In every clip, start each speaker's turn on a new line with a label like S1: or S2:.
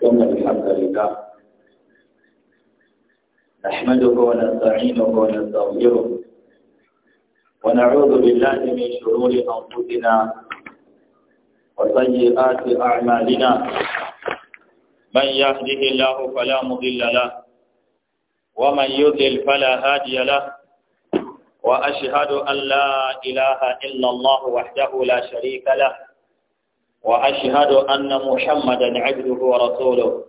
S1: ثم الحمد لله نحمده ونستعينه ونستغفره ونعوذ بالله من شرور أنفسنا وسيئات أعمالنا من يهده الله فلا مضل له ومن يضل فلا هادي له وأشهد أن لا إله إلا الله وحده لا شريك له وأشهد أن محمدا عبده ورسوله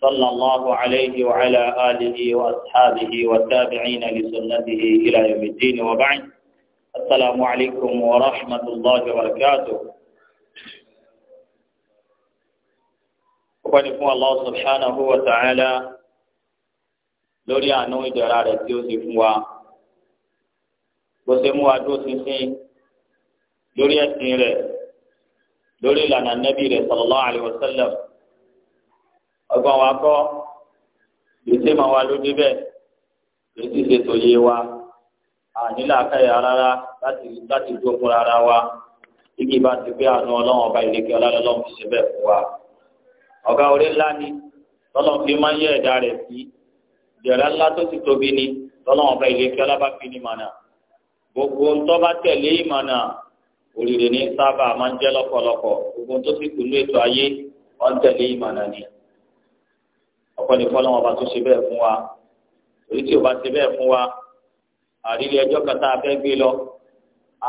S1: صلى الله عليه وعلى آله وأصحابه والتابعين لسنته إلى يوم الدين وبعد السلام عليكم ورحمة الله وبركاته وقال الله سبحانه وتعالى لوري أنو ìdẹ̀ra يوسف و وسموها دوسي لوري wa lórí ìlànà nẹ́bí rẹ̀ sallallahu alaihi wasallam ọgbọ́n wa kọ́ gbèsè máa wá lóde bẹ́ẹ̀ gbèsè ṣètò yé wa ànílà káyà rárá láti láti gbógun rárá wa igi bá ti gbé àánú ọlọ́run ọba ìlẹ́kẹ́ ọlọ́run ti ṣe bẹ́ẹ̀ fún wa ọ̀gá orí ńlá ni tọ́lọ́n fi máa ń yẹ ẹ̀dá rẹ̀ sí ìdẹ̀rẹ̀ ńlá tó ti tóbi ni tọ́lọ́n ọba ìlẹ́kẹ́ ọlọ́ba fi ni mànà gbogbo ńtọ́ bá tẹ̀lé ìmọ̀nà oríire ní sábà máa ń jẹ́ lọ́pọ̀lọpọ̀ gbogbo tó sì kú ní ètò ayé wọ́n tẹ̀lé ìmọ̀nà ni ọ̀pọ̀ ní fọlọ́wọn ọba tó ṣe bẹ́ẹ̀ fún wa èyí tí o bá ṣe bẹ́ẹ̀ fún wa àrílé ẹjọ́ kata afẹ́ gbé lọ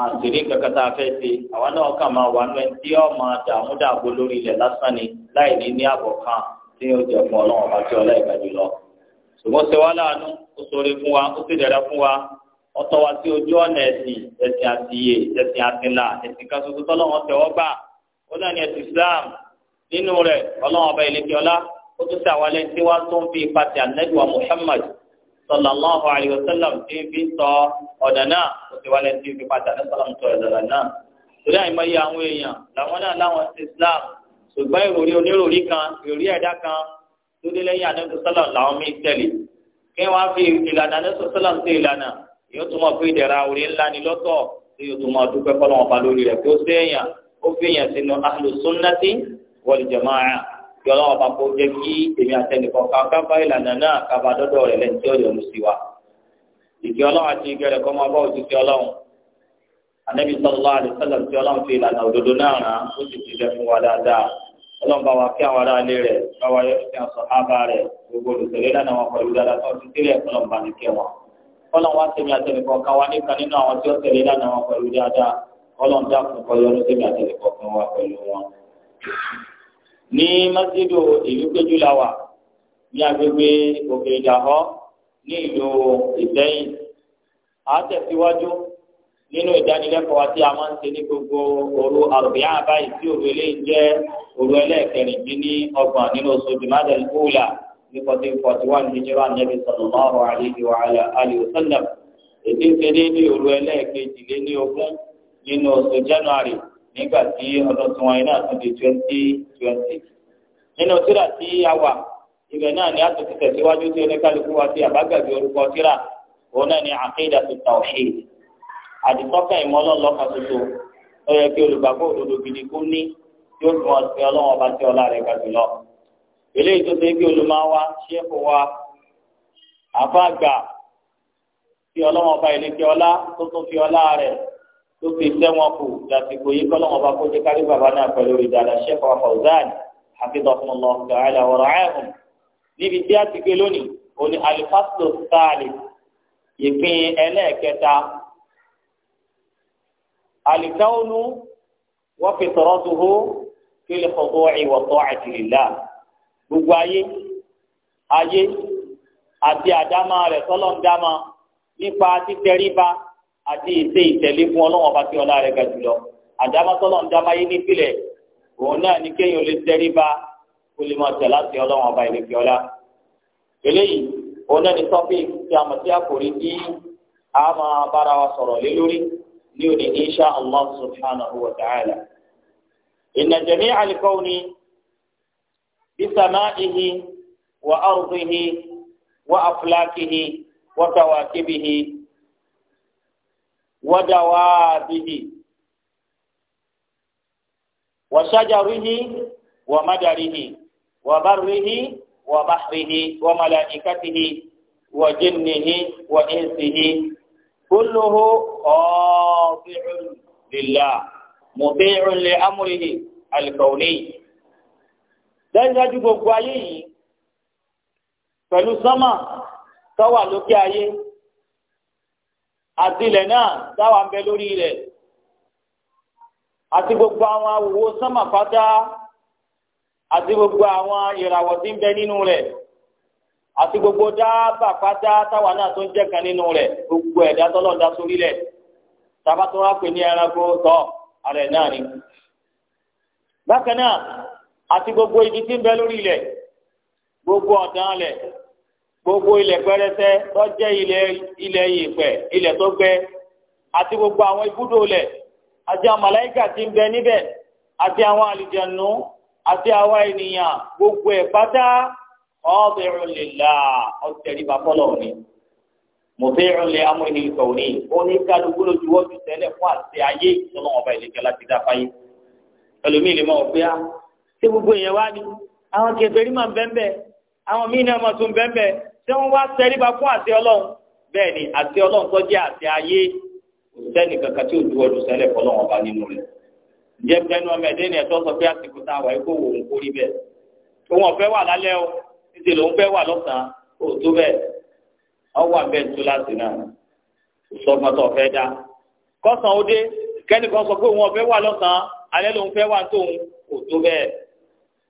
S1: àǹtẹ̀lé kankata afẹ́ ṣe àwa náà kà máa wà nù ẹ tí ọ máa dààmú dààbò lórí ilẹ̀ lásán ni láì ní ní àbọ̀ kan tí yóò jẹ fún ọlọ́wọ́n ọba tí ọlá ìgbàjú lọ ṣùgbọ́n ṣe wá láàánú ó ṣoore ọ̀tọ̀ wa sí ojú ọ̀nà ẹ̀sìn ẹ̀sìn àtìyè ẹ̀sìn àtìlà ẹ̀sìn kan tuntun tọ́lọ́wọ́n tẹ̀wọ́ gbà ó náà ní ẹ̀sìn Islam nínú rẹ̀ ọlọ́wọ́n ọba ìlẹ́kẹ́ ọlá ó tún sí àwọn ẹlẹ́sìn wa tó ń fi pàtẹ ànẹ́dùwà Muhammad sallallahu alayhi wa sallam tí ń fi sọ ọ̀nà náà ó ti wá lẹ́sìn fi pàtẹ ànẹ́sàlám sọ ọ̀nà náà torí àìmọye àwọn èèyàn làwọn náà láwọn sí Islam ṣùgbọ́n ìròrí oníròrí kan ìròrí ẹ̀dá kan tó dé lẹ́yìn ànẹ́sàlám làwọn mí tẹ̀lé kí wọ́n fi ìlànà ànẹ́sàlám sí ìlànà yóò tún mọ̀ pé ìdẹ̀ra orí ńlá ni lọ́tọ̀ tí yóò tún mọ̀ dúpẹ́ kọ́ lọ́wọ́ ba lórí rẹ̀ kí ó séèyàn ó fèèyàn sínú ahlu sunnati wal jamaa kí ọlọ́wọ́ bá kó jẹ́ kí èmi àtẹnìkan kan kábà ìlànà náà kábà dọ́dọ̀ rẹ̀ lẹ́ni tí ó yọ̀ lùsí wa. ìgbé ọlọ́wọ́ àti ìgbé rẹ̀ kọ́ máa bá òjijì ọlọ́run anabi ọlọ́run bá wa kí àwọn ará ilé rẹ̀ bá wa yọ sí àwọn sọ̀hábà rẹ̀ gbogbo olùsèlè lánàá wọn pẹ̀lú dáadáa tó ti sílẹ̀ ọlọ́run bá ní kẹ́ wọn ọlọ́run wá sẹ́mi àtẹnìkọ̀ kan wá níkan nínú àwọn tí ó tẹ̀lé lánàá wọn pẹ̀lú dáadáa ọlọ́run dákun kọ́ yọrù sẹ́mi àtẹnìkọ̀ kan wá pẹ̀lú wọn. ní masjidu ìlú péjú la wà ní agbègbè òkè ìdàhọ́ ní ìlú ìsẹ́yìn a tẹ̀síwájú nínú ìdánilẹ́kọ̀ọ́ tí a máa ń ṣe ní gbogbo òru àrùbíyá báyìí tí òru eléyìí jẹ́ òru ẹlẹ́ẹ̀kẹrìndínlọ́gbọ̀n nínú oṣù jùmọ́dẹ̀lúwùlà ní fourteen forty one níjọba nẹ́bí sallallahu alayhi wa ala alihi wa sallam ètí ìṣẹ́lẹ̀ ní òru ẹlẹ́ẹ̀kejì lé ní ogún nínú oṣù january nígbà tí ọdún tí wọ́n iná tún di twenty twenty. nínú tíra tí a wà ibẹ̀ náà ni a tún ti tẹ̀síwájú tí oníkálukú wa ti àbágàbí orúkọ tíra òun náà ni aqidatu tawhid àdìsọ́kàn ìmọ̀lọ́lọ́kan tuntun ó yẹ kí olùgbàgbọ́ òdodo gidi kú ní yóò fi wọn sin ọlọ́wọ́n bá tí ọlá rẹ̀ ga eléyìí tó ṣe é gbé olùmọ̀wá ṣẹ́kù wa àfàgbà tí ọlọ́wọ́n bá ilé kí ọlá tó tún fi ọlá rẹ̀ tó fi sẹ́wọ̀n kù dàsìkò yìí kọ́lọ́wọ́n bá kójú kárí bàbá náà pẹ̀lú ìdàlà ṣẹ́kù Fawzan hafidhahumullahu ta'ala wa ra'ahum níbi tí a ti gbé lónìí òní alifásitò sáàlì ìpín ẹlẹ́ẹ̀kẹta alikawunu wọ́n fi tọ̀rọ̀ tó hó kí lè fọ́tọ́ gbogbo ayé ayé àti àdámà rẹ̀ tọ́lọ̀ ń dámà nípa títẹríba àti ìṣe ìtẹ̀lé fún ọlọ́wọ́n bá ti ọlá rẹ̀ ga jùlọ àdámà tọ́lọ̀ ń dámà yé nípìlẹ̀ òun náà ní kéèyàn lè tẹríba kó lè máa tẹ̀ láti ọlọ́wọ́n ọba ìlẹ̀kẹ́ ọlá eléyìí òun náà ní tọ́pì tí a mọ̀ sí àkòrí tí a máa bára wa sọ̀rọ̀ lé lórí ní òní insha Allah subhanahu wa ta'ala inna jami'a al بسمائه وأرضه وأفلاكه وكواكبه ودوابه وشجره ومدره وبره وبحره وملائكته وجنه وإنسه كله خاضع لله مطيع لأمره الكوني dájúdájú gbogbo ayé yìí pẹ̀lú sánmà tọ́wà lókè ayé àti ilẹ̀ náà táwa ń bẹ lórí rẹ̀ àti gbogbo àwọn awòwo sánmà pátá àti gbogbo àwọn ìràwọ̀ tí ń bẹ nínú rẹ̀ àti gbogbo dábàá pátá táwa náà tó ń jẹ́ kan nínú rẹ̀ gbogbo ẹ̀dá tọ́lọ̀ dá sórí rẹ̀ tabatọ́ wa pè ní ẹranko tọ́ ààrẹ náà ni. bákan náà àti gbogbo ibi tí ń bẹ lórí ilẹ̀ gbogbo ọ̀dàn lẹ̀ gbogbo ilẹ̀ pẹrẹsẹ tó jẹ́ ilẹ̀ ilẹ̀ ìpẹ́ ilẹ̀ tó gbẹ àti gbogbo àwọn ibùdó lẹ̀ àti àwọn màláíkà tí ń bẹ níbẹ̀ àti àwọn àlìjẹ̀nù àti àwa ènìyàn gbogbo ẹ̀ pátá ọ̀bẹ̀rún lè la ọ̀tẹ̀ríba fọlọ́ ni mọ̀fẹ́rún lè amọ̀ ènìyàn kọ̀ ní oníkálukú lójú wọ́n ju tẹ́lẹ̀ fún àti ayé ìtọ́nà ọba ìlẹ̀kẹ́ láti dá fáyé ẹlòmíì lè máa wọ ṣé gbogbo èèyàn wá ní àwọn kèfèrí máa ń bẹ́ńbẹ́ àwọn míì náà máa tún bẹ́ńbẹ́ ṣé wọ́n wá tẹríba fún àṣẹ ọlọ́run bẹ́ẹ̀ ni àṣẹ ọlọ́run tó jẹ́ àṣẹ ayé sẹ́ni kankan tí ò ju ọdún sẹ́lẹ̀ fọlọ́run ọba nínú rẹ̀ ǹjẹ́ bẹ́ẹ̀ni ọmọ ẹ̀dẹ́ ni ẹ̀tọ́ sọ pé àsìkò tá a wà kó wò ó kó rí bẹ́ẹ̀ òun ọ̀fẹ́ wà lálẹ́ o títí lòun fẹ́ wà lọ́sàn-án kò tó bẹ́ẹ̀ ọwọ́ àbẹ́ tó láti náà sọgbọ́ntọ̀ ọ̀fẹ́ dá kọ́sàn-án kẹ́nìkan sọ pé òun ọ̀fẹ́ wà lọ́sàn-án alẹ́ lòun fẹ́ wà tóun kò tó bẹ́ẹ̀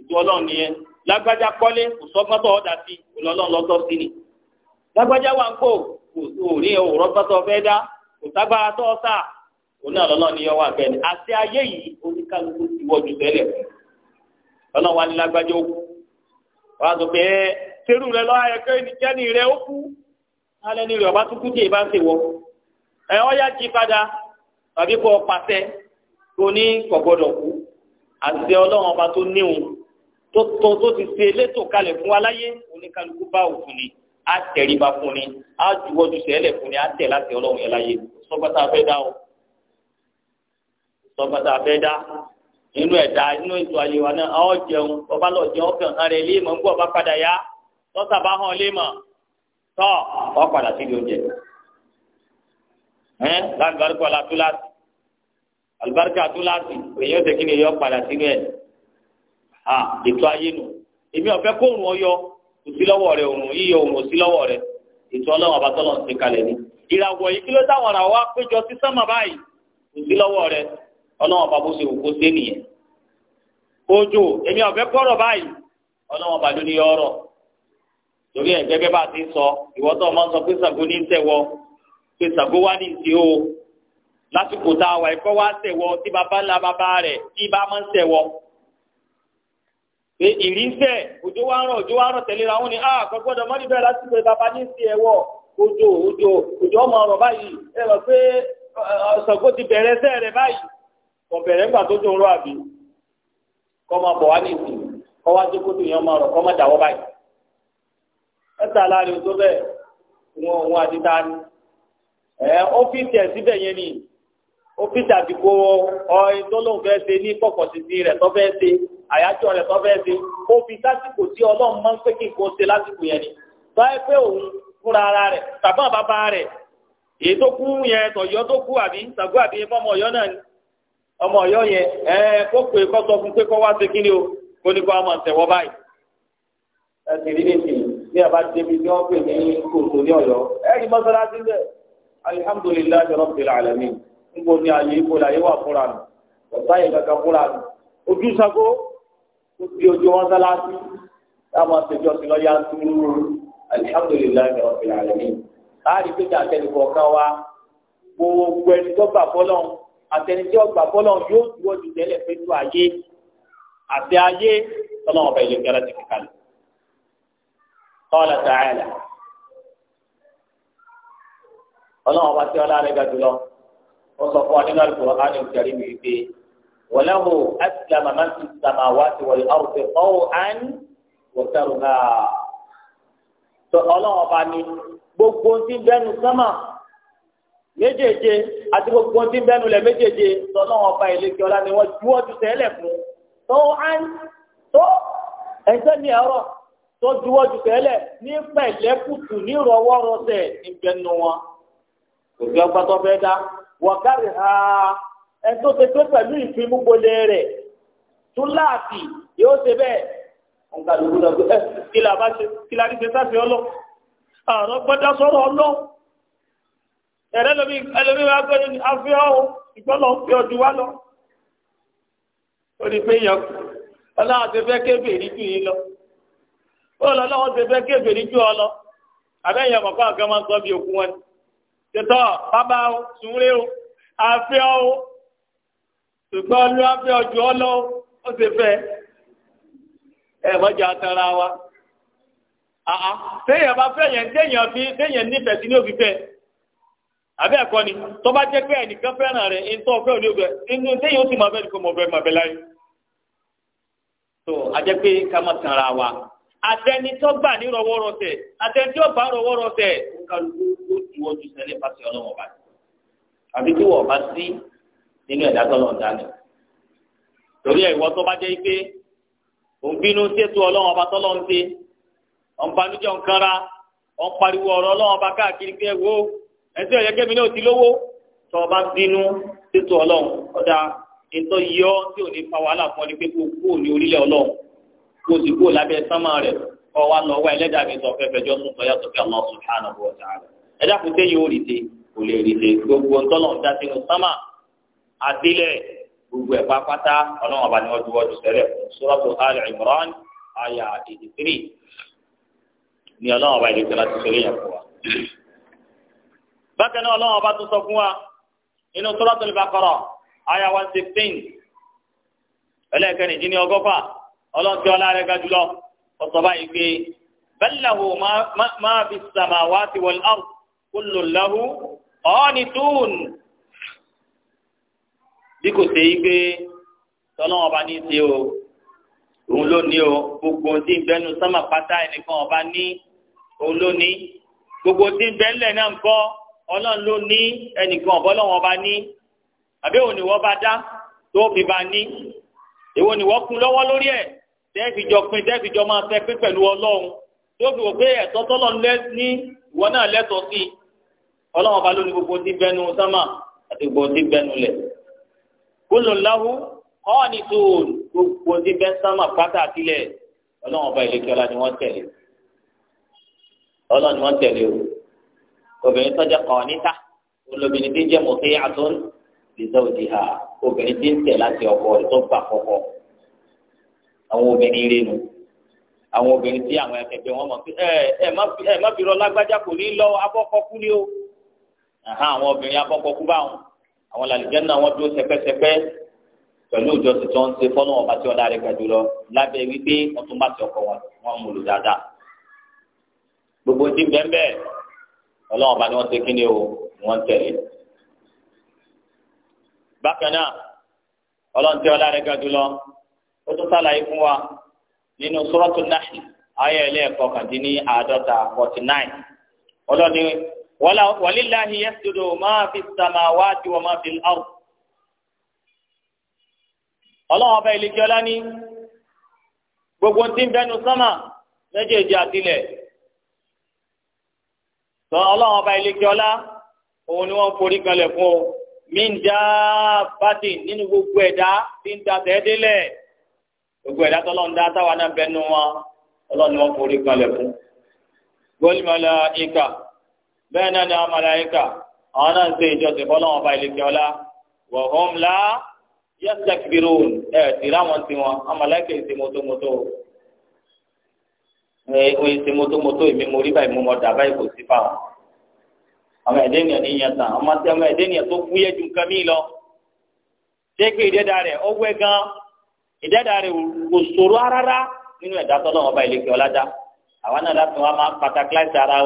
S1: ètò ọlọ́run nìyẹn lágbájá kọ́lé kò sọ́gbọ́n tó ọ̀dà sí ọlọ́run lọ́tọ́ sí ni lágbájá wà ń kó kò ní òwúrọ̀ tọ́tọ́ fẹ́ dá kò ságbára tó ọ̀sà òun náà lọ́lọ́run nìyẹn wà bẹ́ẹ̀ ni àti ayé yìí oníkálukú ti wọ́jú tẹ́lẹ̀ ọlọ́run wa ní lágbájá ó kú wàá sọ pé serú rẹ lọ́wọ́ ayẹkẹ́ ìjẹ́ni rẹ ó kú alẹ́ ní rẹ ọba tó kú tí ì tó tó tó ti ṣe elétò kalẹ̀ fún wa láyé oníkálukú bá òfin ni á tẹríba fún ni á juwọ́jú sẹ́lẹ̀ fún ni á tẹ̀ láti ọlọ́run yẹn láyé sọ́gbàtà fẹ́ dá o sọ́gbàtà fẹ́ dá inú ẹ̀dá inú ètò ayé wa náà ọ̀ jẹun ọba lọ jẹun ọkàn hàn rẹ̀ léèmọ̀ ń gbọ́ ọba padà yá tọ́sà bá hàn léèmọ̀ tọ́ ọ padà sí ilé oúnjẹ ẹ́ lágbàrúkọ la túláàsì àlùbáríkà èyí ó tẹ̀kí ni èyí ó padà sí ilé ẹ̀ à ètò ayé nù èmi ọ̀fẹ́ kó òrùn ọyọ kò sí lọ́wọ́ rẹ òrùn yíyọ òrùn ò lọ́wọ́ rẹ ètò ọlọ́run àbátọ́ ti kalẹ̀ ni ìràwọ̀ yìí kí ló dáwọ̀ ra wá péjọ sí sánmà báyìí kò sí lọ́wọ́ rẹ ọlọ́run bá bó ṣe òkú sí nìyẹn òjò èmi ọ̀fẹ́ kọ́rọ̀ báyìí ọlọ́run bá lóní ọ̀rọ̀ torí ẹ̀ gẹ́gẹ́ bá ti sọ ìwọ́tọ̀ ọmọ sọ pé Ṣàngó ní tẹ̀wọ́ pé Ṣàngó wá ní ìsì o lásìkò tá a wà ẹ̀kọ́ wá tẹ̀wọ́ tí baba ńlá baba rẹ̀ tí bá máa ń tẹ̀wọ́ pé ìrísẹ̀ òjò wa rọ̀ òjò wa rọ̀ tẹ̀léra wọn ni àkọ́ gbọ́dọ̀ mọ́ni bẹ́ẹ̀ láti pé bàbá ní sí ẹ̀wọ̀ òjò òjò òjò ọmọ ọ̀rọ̀ báyìí ẹ mọ̀ pé Ṣàngó ti bẹ̀rẹ̀ ẹsẹ̀ rẹ̀ báyìí kò bẹ̀rẹ̀ ńgbà tó tó ń rọ̀ àbí kọ́ máa bọ̀ wá ní ìsìn kọ́ wá dé kótó yẹn ọmọ ọ̀rọ̀ kọ́ máa dàwọ́ báyìí ẹ̀ta láàrin tó bẹ́ẹ̀ wọn òun àti ta ni ẹ̀ ọ́fíìsì ẹ̀ síbẹ̀ yẹn ni ọ́fíìsì àdìgbò ọ̀ àyájọ́ rẹ̀ tó fẹ́ẹ́ ṣe ó fi sásìkò tí ọlọ́run máa ń pé kí nǹkan ṣe lásìkò yẹn ni tó ẹ pé òun fúnra ara rẹ̀ tàbí àwọn bàbá rẹ̀ èyí tó kú yẹn tọ̀yọ́ tó kú àbí tàgbó àbí ọmọ ọ̀yọ́ náà ni ọmọ ọ̀yọ́ yẹn ẹ kó pé kó sọ fún pé kó wá ṣe kíni o kó ní kó a máa tẹ̀wọ́ báyìí. ẹ ti rí nìyí bí a bá débi tí wọ́n pè ní kòtò ní ọ̀yọ́ ẹ rí mọ́sálásí bẹ́ẹ̀ alihamudulilayi rabbil alamin n kò ní àyè ìkọlà yẹ wà fúnra mi ọ̀tá yẹ kankan fúnra mi ojú ó di ojú wọn sálásí táwọn àtẹjọ sí lọ yá túrú alihamudulilayi ọ̀sẹ̀ àlẹ́mí láàrin pété àtẹnukọ̀ kan wá gbogbo ẹni tó gbà fọlọ́n àtẹnudí ọgbà fọlọ́n yóò dúró ju tẹ́lẹ̀ pé tó ayé àti ayé tọ́lọ́wọ́n bá ilé kẹrẹ́ ti fi kalẹ̀. qala ta'ala ọlọ́wọ́n bá tí ọlá rẹ̀ gàdúrà ó sọ fún wa nínú àlùkò ánìkú jàrí mi wípé. وله أسلم من في السماوات والأرض طوعا وكرها فالله أباني gbogbo ti ń bẹnu sánmà méjèèje àti gbogbo ti ń bẹnu lẹ̀ méjèèje tọlọ́run ọba ìlẹkẹ ọlá ni wọn ju ọdún tẹ́lẹ̀ fún tó án tó ẹsẹ ní ẹ̀rọ tó ju ọdún tẹ́lẹ̀ ní pẹ̀lẹ́kùtù ní rọwọ́rọsẹ̀ ní bẹnu wọn kò sí ọgbà tó fẹẹ dá wọgárì ha ẹni tó ṣe pé pẹ̀lú ìfín múgbolé rẹ̀ tún láàfin yóò ṣe bẹ́ẹ̀ nǹkan lóko lọ pé ẹ kí la bá ṣe kí la ní ṣe sáfì ọlọ àrùn gbọ́dọ̀ sọ̀rọ̀ ọlọ ẹrẹ lómi ẹlòmí wa gbọ́dọ̀ ní afẹ́ọ́ ìgbọ́lọ̀ fi ọdún wa lọ. ó ní pé yàn ọlọ́run ti fẹ́ kébèrè jù yín lọ ó lọ lọ́wọ́ ti fẹ́ kébèrè jù ọ lọ àbẹ́yẹn mọ̀kọ́ àgbẹ̀ máa ń sọ bí òkú wọn ṣètò bàbá o sùn o àfẹ́ o. ṣùgbọ́n olúwàfẹ́ ọjọ́ ọlọ́ ó ṣe fẹ́ ẹ mọ́jà tara wa. àá téèyàn bá fẹ́ yẹn téèyàn fi téèyàn nífẹ̀ẹ́ sí ní òbí fẹ́ àbẹ́ ẹ̀kọ́ ni tó bá jẹ́ pé ẹnìkan fẹ́ràn rẹ̀ ń tọ́ òní òbẹ̀ inú téèyàn ó sì máa fẹ́ ní kò mọ̀ bẹ́ẹ̀ máa bẹ láyé. tó a jẹ́ pé ká má tara wa atẹni tó gbà ní rọwọ́rọsẹ̀ atẹni tó bá rọwọ́rọsẹ̀ ó kálukú ó ti wọ́jú sẹ́lẹ̀ pàṣẹ ọlọ́wọ́ bá àbí tí wọ́n bá sí nínú ẹ̀dá tọ́lọ̀ ń dání. torí ẹ̀ ìwọ tó bá jẹ́ pé òun bínú sétò ọlọ́run ọba tọ́lọ̀ ń ṣe ọ̀n banújẹ́ ń kanra ọ̀n pariwo ọ̀rọ̀ ọlọ́run ọba káàkiri pé wo ẹ̀sìn ọ̀yẹ́ kẹ́mi náà ti lówó tó ọba bínú sétò ọlọ́run ọ̀dà ètò yọ tí ò ní fa wàhálà fún ọ ní pé kó ní orílẹ̀ ọlọ́run kó sì kó lábẹ́ sánmà rẹ̀ kọ́ àdílẹ̀ gbogbo ẹ̀ pápátá ọlọ́run ọba ni wọ́n ju ọdún sẹ́lẹ̀ fún sọ́rọ́tò ali imran aya eighty three ni ọlọ́run ọba ìdíkẹ́ láti sọ léyìn fún wa. bákan náà ọlọ́run ọba tún sọ fún wa inú sọ́rọ́tò ìbákọ́rọ̀ aya one sixteen ẹlẹ́ẹ̀kẹ́ni jí ní ọgọ́fà ọlọ́run tí ọlá rẹ̀ ga jùlọ ọ̀sọ̀ báyìí pé bal lahu ma fi samawati wal ard kullu lahu qanitun bí kò ṣe yí pé tọ́lọ́wọ́n ọba ní í o òun ló ní o gbogbo ohun tí ń bẹ́nu sánmà pátá ẹnìkan ọba ní òun ló ní gbogbo ohun tí ń bẹ́ ńlẹ̀ náà ń kọ́ ọlọ́run ló ní ẹnìkan ọ̀bọ́lọ́wọ́n ọba ní àbí òun ni wọ́n bá dá tó fi bá ní èwo ni wọ́n kún lọ́wọ́ lórí ẹ̀ tẹ́ẹ̀fì jọ pin tẹ́ẹ̀fì jọ máa fẹ́ pín pẹ̀lú ọlọ́run tó fi wò pé ẹ̀tọ́ tọ́lọ́ ní ìwọ náà lẹ́tọ̀ọ́ sí ọlọ́run ọba ló ní gbogbo ohun tí ń bẹ́nu sánmà àti gbogbo ohun tí ń bẹ́nu lẹ̀ kóló lahu ọ́ọ̀nì tó gbogbo ti bẹ́ẹ̀ sánmà pátá àtìlẹ̀ ọlọ́run ọba ìlẹ́kẹ́ ọlá ni wọ́n tẹ̀lé ọlọ́run ni wọ́n tẹ̀lé o obìnrin tọ́jà kan níta olóbìnrin tí ń jẹ́ mọ̀tẹ́ àtún lìzọ́ òdì ha obìnrin tí ń tẹ̀ láti ọkọ rẹ̀ tó gbà kọ́kọ́ àwọn obìnrin rẹ̀ nù àwọn obìnrin tí àwọn ẹ̀kẹ́kẹ́ wọn mọ̀ pé ẹ ẹ má fi rọ lágbájá kò ní lọ abọ́kọ́kú ni o àwọn obìnrin abọ́kọ́kú báwọn àwọn làlùjànnà wọn dúró sẹpẹsẹpẹ pẹ̀lú ìjọsìn tó ń ṣe fọ́nà ọba tí ọlá rẹ̀ gbàdú lọ lábẹ́ wípé wọ́n tún bá ti ọkọ̀ wọn wọ́n mú lò dáadáa. gbogbo ti bẹ́ẹ̀ ọlọ́run ọba ni wọ́n ṣe kíni o wọ́n tẹ̀lé. bákan náà ọlọ́run tí ọlá rẹ̀ gbàdú lọ ó tún sàlàyé fún wa nínú Suratul Nahl ayé ẹlẹ́ẹ̀kọ́ kàdínní àádọ́ta forty nine walillahi yasjudu ma fi samawati wa ma fi al-ard. ọlọ́wọ́n ọba ìlẹ́kẹ́ ọlá ní gbogbo tí ń bẹnu sánmà méjèèjì àtìlẹ̀ sọ ọlọ́wọ́n ọba ìlẹ́kẹ́ ọlá òun ni wọ́n forí kanlẹ̀ fún o minja bati nínú gbogbo ẹ̀dá tí ń dasẹ̀ délẹ̀ gbogbo ẹ̀dá tó lọ́n da táwa náà bẹnu wọn ọlọ́ni wọ́n forí kanlẹ̀ fún. wal malaika. bẹ́ẹ̀ náà ni àwọn màláíkà àwọn náà ń ìjọsìn fọlọ́wọn ọba ìlẹ̀kẹ́ la yastakbirun ẹ̀ sì ráwọn tiwọn àwọn màláíkà èsì mọ́tòmọ́tò oye ṣe mọ́tòmọ́tò èmi mo rí báyìí mo mọ̀ dà báyìí kò sí fà ẹ̀dẹ́ yẹn ẹ̀dẹ́ tó ju nǹkan mí lọ. ṣé ìdẹ́dà rẹ̀ ó wẹ́ gan ìdẹ́dà rẹ̀ kò rárá nínú ẹ̀dá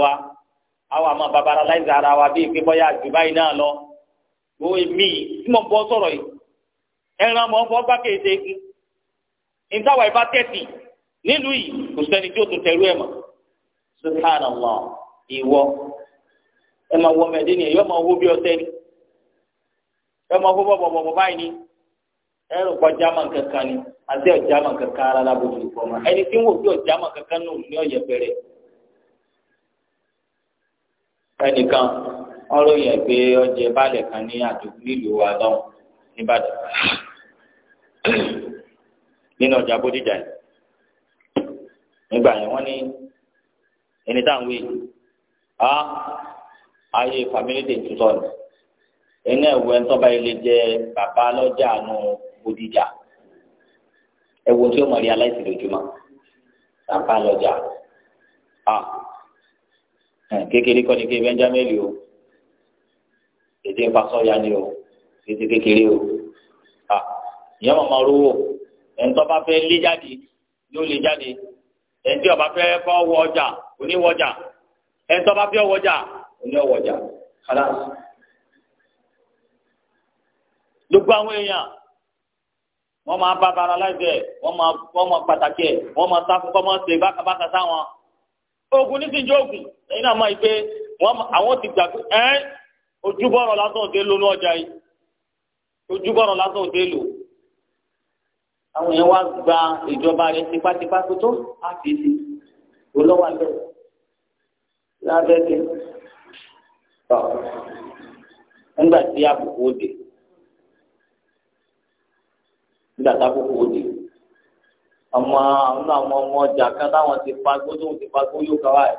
S1: ọba àwọn àmọ́ babara láìsí ara wa bíi pé bọ́yá àdúbà yìí náà lọ gbogbo èmi tí mo bọ́ sọ̀rọ̀ yìí ẹran mọ̀ fọ́ bá kéde kí ìtawà ìbá tẹ̀sí nílùú yìí kò sẹ́ni tí ó tún tẹ̀rú ẹ̀ mọ̀ subhanallah ìwọ ẹ máa wọ mẹ́ẹ̀dín ni yọ máa wó bí ọtẹ ni ẹ máa wó bọ̀bọ̀bọ̀ báyìí ni ẹ rò pọ̀ jámà kankan ni àti ọ̀jámà kankan ara lábòjú ìfọ̀mọ́ ẹni tí ń wò bí ọ̀jámà kankan náà ní ọ̀yẹ̀pẹ̀rẹ̀ ẹnìkan wọn ròyìn pé ọjẹ balẹ̀ kan ní àdúgbò nílùú wa lọ́hùn nìbàdàn nínú ọjà bódìjà yìí nígbà yẹn wọ́n ní ẹni tá à ń wé a ayé fàmílì tè tutọ́ ni ẹni ẹ̀wọ́ ẹni tọ́ba ilé jẹ bàbá lọ́jà àánú bódìjà ẹ̀wọ́ tí ó mọ̀ rí aláìsí lójúmọ́ bàbá lọ́jà a kékeré kọ́ni ké bẹ́ńjámẹ́lì o ètè fasọ́ya ni o ètè kékeré o ìyá màmá rówó ẹ̀ńtọ́ bá fẹ́ lé jáde yóò lé jáde ẹ̀ńtí ọba fẹ́ fọ́ wọ ọjà oníwọ ọjà ẹ̀ńtọ́ bá fẹ́ wọ ọjà oníwọ ọjà kálá. gbogbo àwọn èèyàn wọ́n máa bá bara láìpẹ́ wọ́n máa pàtàkì ẹ̀ wọ́n máa sáfún kọ́ máa ṣe bákàbákà sáwọn ogun nísìnyí ogun ẹ̀yin náà máa pé àwọn ti gbà pé ẹ́ ojúbọ̀rọ̀ lásán òde lónú ọjà yìí ojúbọ̀rọ̀ lásán òde lò àwọn yẹn wá gba ìjọba rẹ tipátipá tó tó àti ìsìn olówó abẹ lábẹ́tẹ̀ tọ nígbà tí àbùkù òde nígbà tí àbùkù òde àwọn àwọn àwọn ọmọ ọjà kan táwọn ti pa gbódò ti pa gbóyò káwá ẹ̀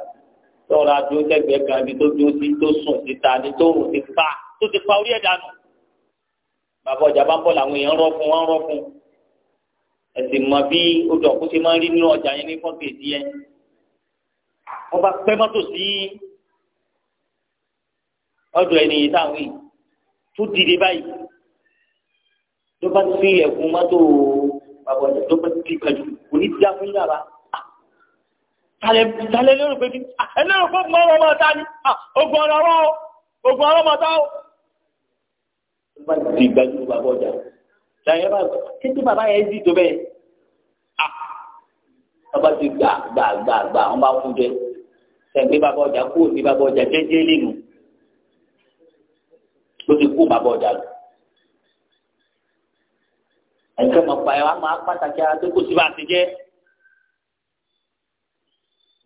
S1: tọ́ra dúró tẹ́gbẹ̀ẹ́ kan ibi tó dúró sí tó sùn síta ní tó rùn ti pa tó ti pa orí ẹ̀ dànù bàbá ọjà bá ń bọ̀ làwọn èèyàn rọ́ fún wọn rọ́ fún ẹ̀sìn mọ bí odò ọ̀kú ṣe máa ń rí nínú ọjà yẹn ní fọ́ọ̀kì yẹn wọ́n bá pẹ́ mọ́tò sí ọdún ẹni yìí táwọn yìí tó dìde báyìí ló bá ti fi ilẹ̀kùn mọ́tò bàbá ọjà tó pẹ́ ti pẹ̀lú kò ní ti àfún yàrá. Tàlẹ́ lérò pé kí ah, ẹ lérò pé mo ọmọ ọ̀tá ni ah, ogun ọ̀rọ̀ ọ̀rọ̀ ogun ọ̀rọ̀ ọ̀tá o. Ó bá ti gbàjú bàbá ọjà. Ṣàyẹ̀ bá títí bàbá yẹn dì tó bẹ́ẹ̀. Bàbá ah, ti gbà gbà gbà gbà wọ́n bá fún jẹ. Ṣẹ̀gbẹ́ bàbá ọjà kúrò ní bàbá ọjà jẹ́jẹ́ lẹ́nu. Ó ti kú bàbá ọjà lọ ẹ̀kẹ́ mọ̀ pa ẹ̀ wá máa pàtàkì ara pé kò sí bá a ti jẹ́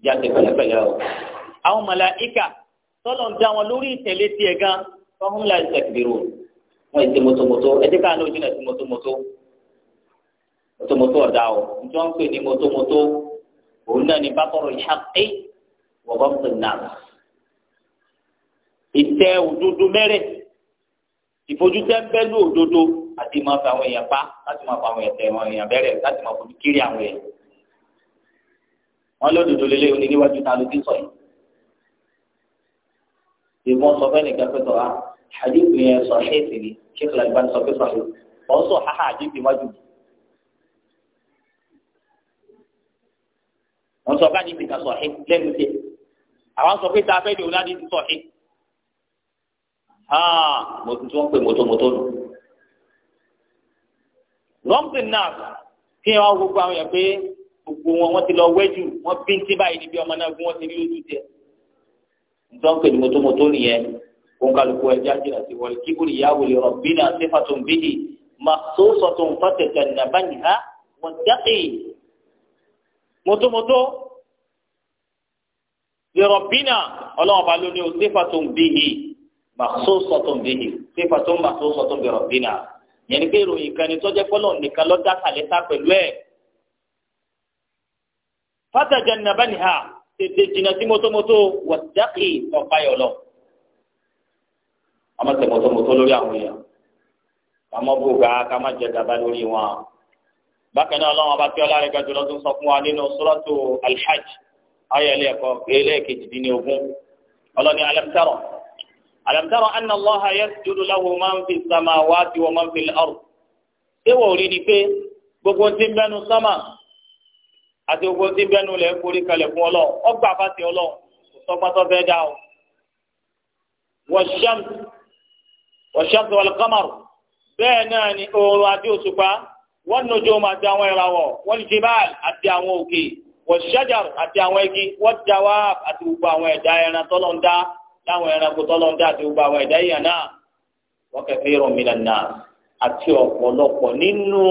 S1: ìyá ti pẹ̀lẹ́pẹ̀lẹ́ o. àwọn màláíkà tọ́lọ̀ ń dá wọn lórí ìtẹ̀lé tiẹ̀ gan fọ́nrún la ẹ̀sẹ̀ kìbìrò wọ́n ti mọ́tòmọ́tò ẹ̀jẹ̀ káà ló jìnà sí mọ́tòmọ́tò mọ́tòmọ́tò ọ̀dà o njọ́ ń pè ní mọ́tòmọ́tò òun náà ní bátọ̀rọ̀ ìhàpé wọ́n bọ́ ìtẹ́ òdodo mẹ́rẹ̀ẹ́ ìfojútẹ́ńbẹ́lú òdodo àti máa fa àwọn èèyàn pa láti máa fa àwọn ẹ̀tẹ̀ àwọn èèyàn bẹ̀rẹ̀ láti máa fojú kiri àwọn èèyàn wọn lódodo lélẹ̀ òní níwájú ta ló ti sọ yìí ìbọn sọ fẹ́ nìkan pẹ́ tọ́ a àdìgbò yẹn sọ ṣéèsì ni ṣéèsì làgbà sọ pé sọ ọ̀ sọ haha àdìgbò iwájú mi wọn sọ bá ní ìgbìkan sọ ẹ lẹ́nu tiẹ̀ àwọn sọ pé tá a fẹ́ mo ti tún pè mọ́tòmọ́tò nù. rọ́mpìn náà kí wọ́n gbogbo àwọn yẹn pé gbogbo wọn wọ́n ti lọ wẹ́jù wọ́n bí ń tí báyìí níbi ọmọ náà gún wọ́n ti rí ojú tiẹ̀. nítorí pé mọ́tòmọ́tò nìyẹn kó kálukú ẹja jìnnà sí wọlé kíkúrì ìyáwó lè rọ bí náà sífà tó ń bí yìí máa tó sọ tó ń fàtẹ̀tẹ̀ nàbá nìyà wọ́n jáde mọ́tòmọ́tò lè bí náà ọlọ́wọ́n bá lóní o sífà tó ń bí yìí maksusatun bihi sifatun maksusatun bi rabbina yẹn ni pé ìròyìn kan ni tọ́jẹ́ fọlọ́ nìkan lọ́dá kàlẹ́ta pẹ̀lú ẹ̀ fatajannabaniha tètè jìnnà sí mọ́tòmọ́tò wattaqi ọ̀páyọ̀ lọ. àmọ́ tẹ mọ́tòmọ́tò lórí àwọn èèyàn àmọ́ bùgá ká má jẹ gàba lórí wọn. bákan náà ọlọ́run ọba tí ọlá rẹ̀ gàdúrà tó ń sọ fún wa nínú suratu alhajj ayẹlẹ́ ẹ̀kọ́ ẹlẹ́ẹ̀kejì dín ní ogún ọlọ́ni alam alam tara anna Allaha yasjudu lahu man fi samawati wa man fil ard ṣé wọ́n rí ni pé gbogbo ti bẹnu sánmà àti gbogbo ti bẹnu lẹ̀ ń forí kalẹ̀ fún ọlọ́run ọgbà fásitì ọlọ́run kò sọ́gbọ́n dá o. wash-shams wash-shams wal-qamar náà ni oòrùn àti òṣùpá wọ́n nujum àti àwọn ìràwọ̀ wal-jibal àti àwọn òkè wash àti àwọn igi wad-dawab àti gbogbo àwọn ẹ̀dá ẹran tọ́lọ́ ń dá láwọn ẹranko tọ́lọ́ ń dá àti gbogbo àwọn ẹ̀dá èèyàn wọ́n kẹfẹ́ ìrọ̀mìnà náà àti ọ̀pọ̀lọpọ̀ nínú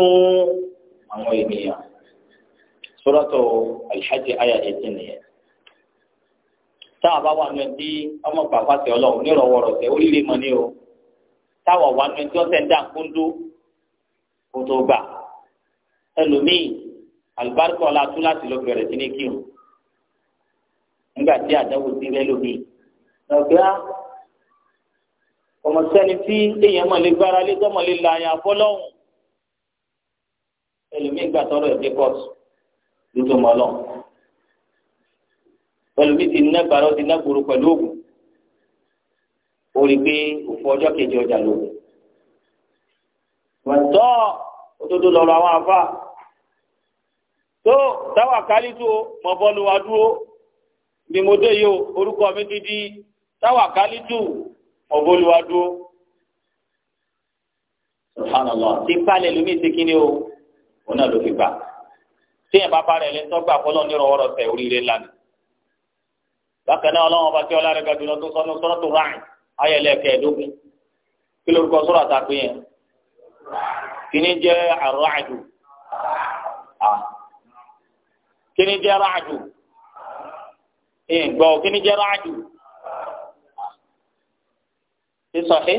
S1: àwọn ènìyàn sọ́dọ̀tọ̀ alhaji aya ẹ̀jẹ̀ nìyẹn táwa bá wà nínú ẹbí ọmọ pàpà tẹ ọlọ́run mọ́ o táwa wà nínú ẹbí ọ̀sẹ̀ ń dá kúndú kó tó gbà ẹlòmíì bẹ̀rẹ̀ sí ní kírun nígbà tí àdáwò ọ̀gá ọmọ sẹ́ni tí èèyàn mọ̀ lè gbára lé tọ́mọ̀ lè la àyàn àfọlọ́hùn ẹlòmíín gbà tọrọ ẹ̀ dé kóòtù nítorí ọmọ ọlọ́hùn ẹlòmíín ti ná gbàrọ́ ti ná gbòòrò pẹ̀lú òògùn ó rí i pé òfò ọjọ́ kejì ọjà lòògùn wẹ̀ntọ́ òdodo lọ́rọ̀ àwọn afa tó táwa kálí mọ̀ bọ́ọ̀lù wa dúró bí mo dé yìí o orúkọ mi ti di táwa kálítù ọ̀bọ̀lùwàdó subhanallah ti palẹ̀ lómi ti kíni o òun náà ló fi gbà téèyàn bá bá rẹ̀ lẹ́nu tó gbà fọlọ́ ní rọwọ́rọ́ tẹ̀ oríire lánàá bákan náà ọlọ́run ọba tí ọlá rẹ̀ ga jùlọ tó sọ́nù sọ́nù tó ráàyìn ayẹlẹ́ kẹẹ̀ẹ́dógún kí lórúkọ sọ́rọ̀ àtàkùn yẹn kíní jẹ́ àrọ́àdù kíní jẹ́ ráàdù ìgbọ́ kíní jẹ́ ráàdù sísọ ẹ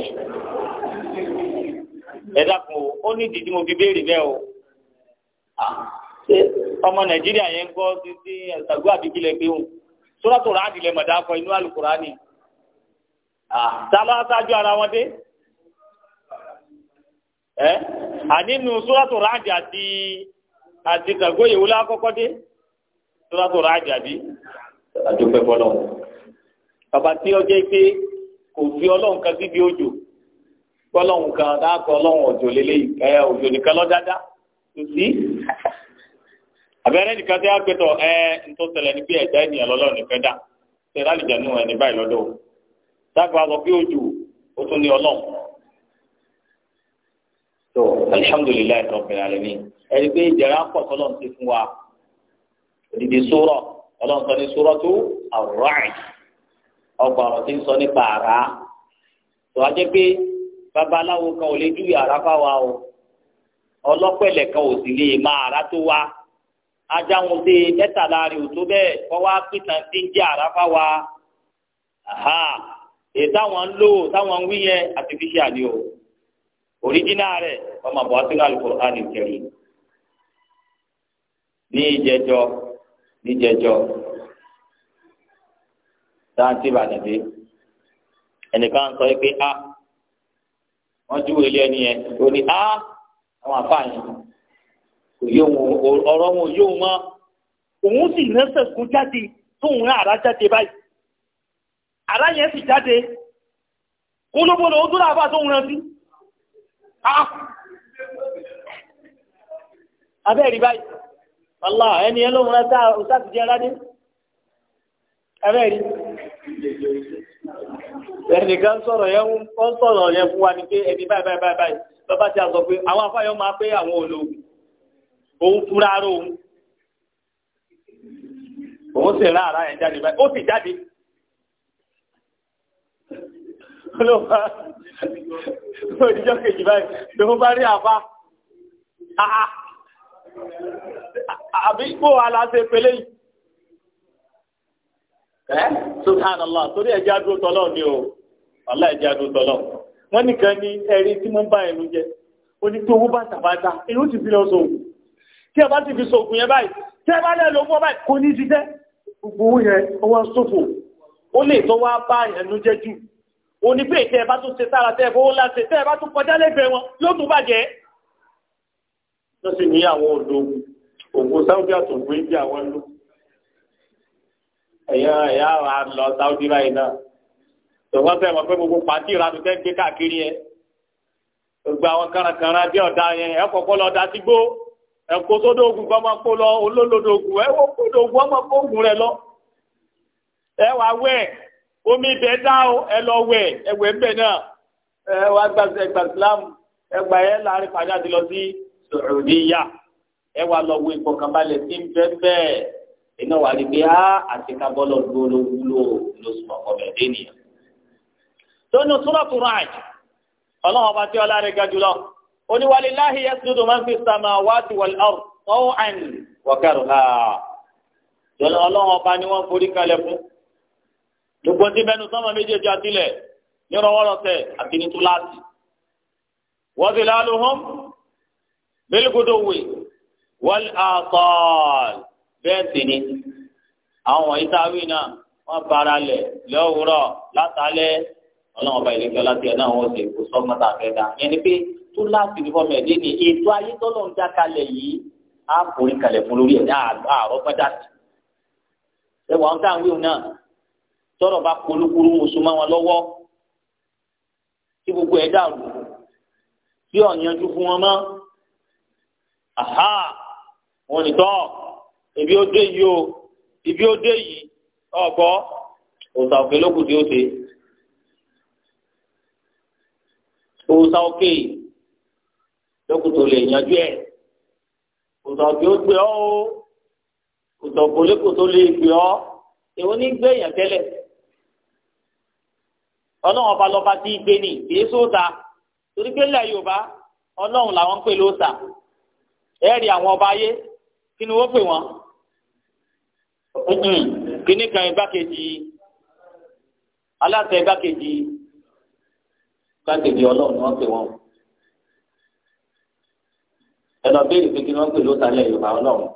S1: ẹ dákun o ó ní ìdí mo fi béèrè bẹ́ẹ̀ o ọmọ nàìjíríà yẹn ń gbọ́ títí ẹ̀sàgbọ́ àbíkílẹ̀ pé òun sóràtò ràádì lẹ̀ mọ̀dá kọ inú àlùkùránì ta ló ṣáájú ara wọn dé ẹ ànínú sóràtò ràádì àti àti ìsàgbọ́ ìyẹ̀wò lákọ́kọ́ dé sóràtò ràádì àbí àdúgbò ẹ̀fọ́ náà bàbá tí ọjọ́ pé kò fi ọlọ́run kan síbi òjò kọ́lọ́run kan dáàkọ́ ọlọ́run òjò lélẹ́yìí ẹ òjò nìkan lọ́ dáadáa kò sí abẹ́rẹ́ nìkan tí a gbé tọ̀ ẹ ntọ́sẹ̀lẹ̀ ní bí ẹ̀dá ènìyàn lọ́lọ́run nìkan dà tẹ̀lé àlìjánu ẹni báyìí lọ́dọ̀ dáàbò àgọ́ pé òjò ó tún ní ọlọ́run tó alihamudulilayi tó bẹ̀rẹ̀ alẹ́ ní ẹni pé ìjẹ̀rẹ̀ akọ̀ tọ́lọ́run ti fún wa òdìdí sórọ̀ ọlọ́run sọ ní sórọ̀ tó àwòrán àìsí. ọgbà ọ̀rọ̀ tí ń sọ nípa tó a jẹ́ pé babaláwo kan ò lè júwe ọlọ́pẹ̀lẹ̀ kan ò sì lè máa tó wa ajáhun sí mẹ́tàlá rẹ̀ ò tó bẹ́ẹ̀ kọ́ wá pìtàn tí ń jẹ́ èyí táwọn lò táwọn ń artificial ni o oríjìnà rẹ̀ ọmọ àbọ̀ ní ìjẹjọ ní ìjẹjọ. sáǹtì ìbàdàn dé ẹnìkan sọ pé a ah, wọn júwe ilé ẹni yẹn ó ní a ah, àwọn àfààní kò yé òun ọ̀rọ̀ wọn ò yé òun mọ́ òun sì nẹsẹ kún jáde tóun rán àrá jáde báyìí àrá yẹn sì jáde kún ló bọlọ ó dúró àbá tóun rán sí a ah! abẹ́rì báyìí wàlá ẹni ẹ lóun rán sáà ó sáà ti di aládé abẹ́rì ẹnìkan sọ̀rọ̀ yẹn wọ́n sọ̀rọ̀ yẹn fún wa ni pé ẹni báyìí báyìí báyìí báyìí bàbá ti sọ pé àwọn afáyọ́ máa pé àwọn olóògùn òun fúnra ara òun òun sì rá ara yẹn jáde báyìí ó sì jáde ló bá òjijọ́ kejì báyìí ló bá rí àfa àbí kó aláṣẹ pélé yìí ẹ subhanallah torí ẹjẹ adúró tọlọ ni o wàlá ẹjẹ adúró tọlọ wọn nìkan ní ẹrí tí mo ń bá ẹnu jẹ ó ní tí owó bá tàbátà èyí ó sì fi lọ sóògùn tí ẹ bá ti fi sóògùn yẹn báyìí tí ẹ bá lẹ lọ fún ọ báyìí kò ní ti jẹ gbogbo owó yẹn ọwọ́ ṣòfò ó lè tó wá bá ẹnu jẹ jù ó ní pé tẹ ẹ bá tún ṣe sára tẹ ẹ fowó láṣẹ tẹ ẹ bá tún kọjá lẹ́gbẹ̀ẹ́ wọn yóò tún bàjẹ́ lọ ní àwọn òdòògùn ògùn sáwùdí àtòògùn ibi àwọn lókun ẹ̀yàn ẹ̀yà wa lọ sáwùdí báyìí náà tòwọ́n sẹ́wọ̀n pé gbogbo pàtí ìranù tẹ́ ń gbé káàkiri yẹn gbogbo àwọn kàràkàrà bí ọ̀dà yẹn ẹ kọ̀kọ́ lọ da sí gbó ẹ kó sódò ogun kọ́ máa kó lọ olólòdò ogun ẹ wò kódò ogun ọmọ kó ogun rẹ lọ ẹ wà wẹ̀ omi ibẹ̀ dá o ẹ lọ wẹ̀ ẹ wẹ̀ ń bẹ̀ náà ẹ wà gbàgbé ẹgbà Islam ẹgbà yẹn láàrin pàdé àti lọ sí Saudiya ẹ wà lọ wẹ̀ ìfọkànbalẹ̀ sí bẹ́ẹ̀ bẹ́ẹ̀ iná wà rí pé á àti kábọ́lọ̀ gbóló wúlò lóṣù ọ̀pọ̀ bẹ̀rẹ̀ ènìyàn. tónú súrọ̀tù raj ọlọ́run ọba tí ọlá rẹ̀ ga jùlọ oníwàlẹ̀ láhi yasjudu man fi samawati wal ard taw'an wa karha. jọlọ ọlọ́run ọba ni wọ́n forí kalẹ̀ fún. gbogbo tí bẹnu sọ́mọ méjèèjì àtìlẹ̀ nírọ̀wọ́rọ̀sẹ̀ àti ní túláàsì. wa zilaluhum bilguduwi wal asal bẹ́ẹ̀ sì ni àwọn wọ̀nyí táwí náà wọ́n bára lẹ̀ lọ́wọ́rọ̀ látàlẹ́ ọlọ́run ọba ìlẹ́jọ́ láti ẹ̀ náà wọ́n ṣe kó sọ́ mọ́ta fẹ́ dá yẹn ni pé tó láti ní fọmọ ẹ̀dẹ́ ni ètò ayé tọ́lọ̀ ń dá kalẹ̀ yìí á forí kalẹ̀ fún lórí ẹ̀dá àárọ̀ pẹ́dà sí. ẹ wà ń tà ń wíwù náà tọ́rọ̀ bá polúkúrú mùsùlùmá wọn lọ́wọ́ tí gbogbo ẹ̀dá rù tí ọ̀yanjú fún wọn mọ́ àhá wọn nìtọ́ọ̀ ibi ó dé yìí o ibi ó dé yìí ọ̀gbọ́ òòsà òkè ló kù tí ó ṣe òòsà òkè ló kù tó lè yanjú ẹ̀ òòsà òkè ó gbé ọ́ o òòsà òkè ló kù tó lè gbé ọ́ èwo ní gbé èèyàn tẹ́lẹ̀ ọlọ́run ọba lọ́ba tí í gbé ni kì í torí pé ńlẹ̀ yorùbá ọlọ́run làwọn ń pè lóòtà ẹ̀ẹ́rì àwọn ọba ayé kí ni wọ́n pè wọ́n kíní kan igbákejì aláṣẹ igbákejì igbákejì ọlọ́run wọ́n pè wọ́n ẹnà béèrè pé kí wọ́n pè lóṣàlẹ̀ yorùbá ọlọ́run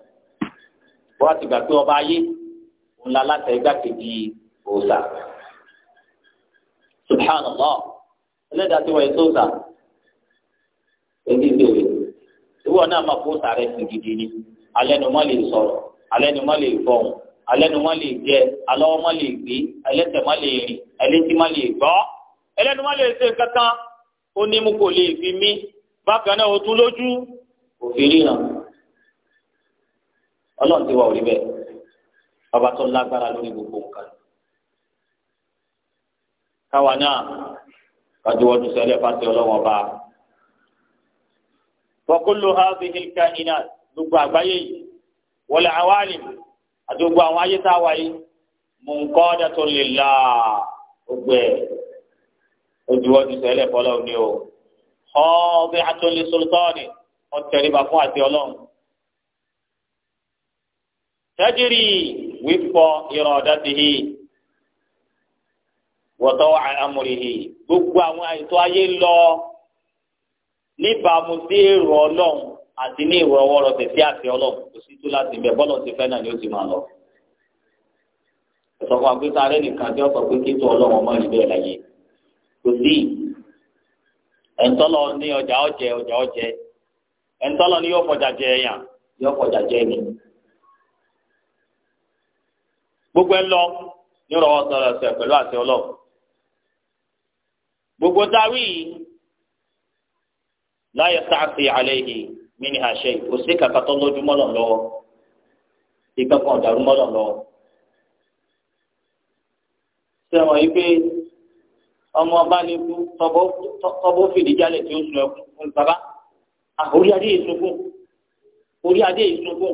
S1: wọ́n ti gbà pé ọba ayé òun la aláṣẹ igbákejì òòṣà subhanallah ẹlẹ́dàá ti wọ̀ ẹ́ sóòṣà ẹbí béèrè ìwọ náà máa kó sàrẹ́ sí gidi ni alẹ́ ni wọ́n lè sọ̀rọ̀ alẹ́ ni wọ́n lè fọ̀hún alẹ́nu má lè jẹ alọ́wọ́ má lè gbé ẹlẹ́sẹ̀ má lè rìn ẹlẹ́tí má lè gbọ́ ẹlẹ́nu má lè ṣe kankan ó ní mú kò lè fi mí bákan náà ó tún lójú òfin ríran ọlọ́run ti wà orí bẹ́ẹ̀ ọba tó lágbára lórí gbogbo nǹkan káwa náà kájúwọ́dù sẹ́lẹ̀ fásitì ọlọ́run ọba wa kullu hadhihi al-kainat gbogbo àgbáyé yìí wal awalim àti gbogbo àwọn ayé tá a wáyé mò ń kọ́ dẹ́tò lè la gbogbo ẹ̀ ojú ọdún sẹ́lẹ̀ bọ́lá òní o ọbẹ̀ àtọ́lé sọlítọ́ọ̀nì wọ́n tẹríba fún àti ọlọ́run. tẹ́jìrì wípọ̀ ìrọ̀ ti hì wọ́tọ́ àmúrí hì gbogbo àwọn àìsàn ayé lọ níbàámu sí èrò ọlọ́run àti ní ìwọ ọwọ́ rọ tẹ̀sí àti ọlọ́run kò sí tó láti bẹ̀ bọ́lọ̀ ti fẹ́ náà ni ó ti máa lọ. ìsọ̀kan àgbéta rẹ nìkan tí ó sọ pé kí tó ọlọ́run ọmọ ìlú ẹ̀ láyé kò sí ẹ̀ńtọ́lọ ní ọjà ọjẹ ọjà ọjẹ ẹ̀ńtọ́lọ ní yóò fọjà jẹ ẹ̀yàn yóò fọjà jẹ ẹ̀mí. gbogbo ẹ lọ ní ìrọwọ́ sọ̀rọ̀ ẹ̀sẹ̀ pẹ̀lú àti ọlọ́run gbogbo dáwì láyé sáà mí ni àṣẹ kò sí kàkà tó lójú mọ́ lọ́n lọ́wọ́ ìgbàkan ọ̀dàrú mọ́ lọ́n lọ́wọ́. sẹ́wọ̀n yìí pé ọmọ ọba lè kú tọ́bọ̀ fìdí jálẹ̀ tí ó sun ẹkún fún bàbá orí adé yìí sunkún orí adé yìí sunkún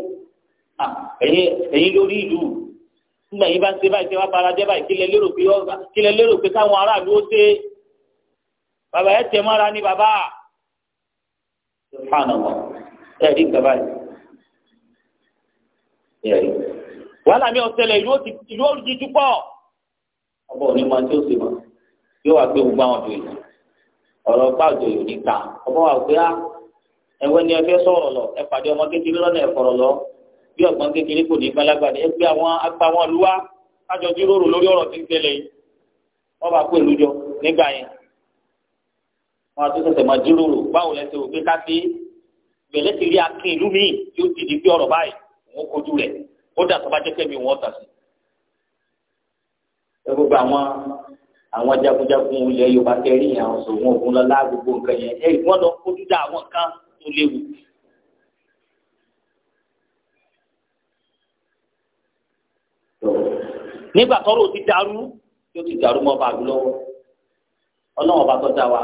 S1: ẹ̀yin lórí ìlú nígbà yìí bá ń ṣe báyìí ṣe wá fara dé báyìí kílẹ̀ lérò pé kílẹ̀ lérò pé káwọn aráàlú ó ṣe bàbá ẹ̀ tẹ̀ mọ́ra ni bàbá subhanallah ẹ̀rí gaba yìí ẹ̀rí wàhálà mi ọ̀sẹ̀lẹ̀ ìlú òjijì pọ̀ ọ̀bọ̀ onímọ̀ tí ó sì mọ̀ yóò wá pé gbogbo àwọn ọ̀dọ́ ọ̀rọ̀ bá ọ̀dọ́ yìí níta ọ̀bọ̀ wà pé á ah, ẹ̀wẹ́ ni ẹ fẹ́ lọ ẹ pàdé ọmọ kékeré lọ́nà ẹ̀ lọ bí ọ̀gbọ́n kékeré kò ní gbalagbà ni ẹ àwọn apá wọn lu wá kájọ jíròrò lórí ọ̀rọ̀ tí ń tẹ̀lé yìí wọ́n bá pè lújọ nígbà yẹn wọn tún tẹsẹ̀ máa jíròrò báwo lẹ ṣe wò pé ká sí gbẹlẹ ti rí akin ìlú míì tí ó ti di pé ọ̀rọ̀ báyìí òun kojú rẹ̀ ó dà tó bá jẹ́ kẹ́mi wọn tà sí. ẹ gbogbo àwọn àwọn jagunjagun ilẹ̀ Yorùbá kẹrin yẹn àwọn sòwò ògùn lọ́la gbogbo nǹkan yẹn ẹ wọ́n lọ kojú dá àwọn kan tó léwu. nígbà tọ́rọ̀ ti dàrú tí ti dàrú mọ́ bàbá lọ́wọ́ ọlọ́wọ́n bá tọ́ da wa.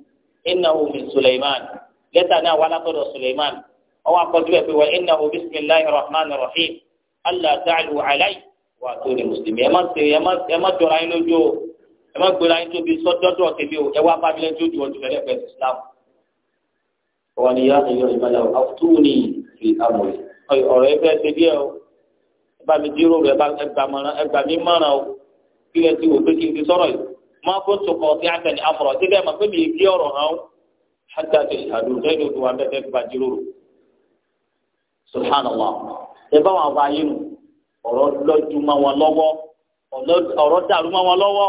S1: innahu min suleiman lẹ́tà náà wà látọ̀dọ̀ suleiman ọwọ́ akọ́jú ẹ̀ pé wọ́n innahu bisimilahi rahman rahim allah ta'alu alay wà tó ní mùsùlùmí ẹ má ṣe ẹ má jọra yín lójú o ẹ má gbéra yín tóbi sọdọdọ tèmi o ẹ wá bá mi lẹ́jọ́ ju ọdún mẹ́lẹ́ pẹ̀lú islam. wọ́n ní yára yọ ìmọ̀lẹ́ o àwùtúwùnì fi amòye ọ̀rọ̀ ẹ fẹ́ ṣe díẹ̀ o ẹ bá mi dírò rẹ ẹ gbà mí mọ̀ràn o kí lẹ ti wò pé kí n ti sọ̀rọ̀ yìí máa kó sọkọ tí a tẹ̀lé afọ̀rọ̀ tí bẹ́ẹ̀ máa pé mi kí ọ̀rọ̀ hàn ó hàtà tó ìhàdù lẹ́yìn odò wa bẹ́ẹ̀ fẹ́ gba jíròrò subhanallah ẹ bá wọn bá yín ọ̀rọ̀ lọ́jú mọ́ wọn lọ́wọ́ ọ̀rọ̀ dàrú mọ́ wọn lọ́wọ́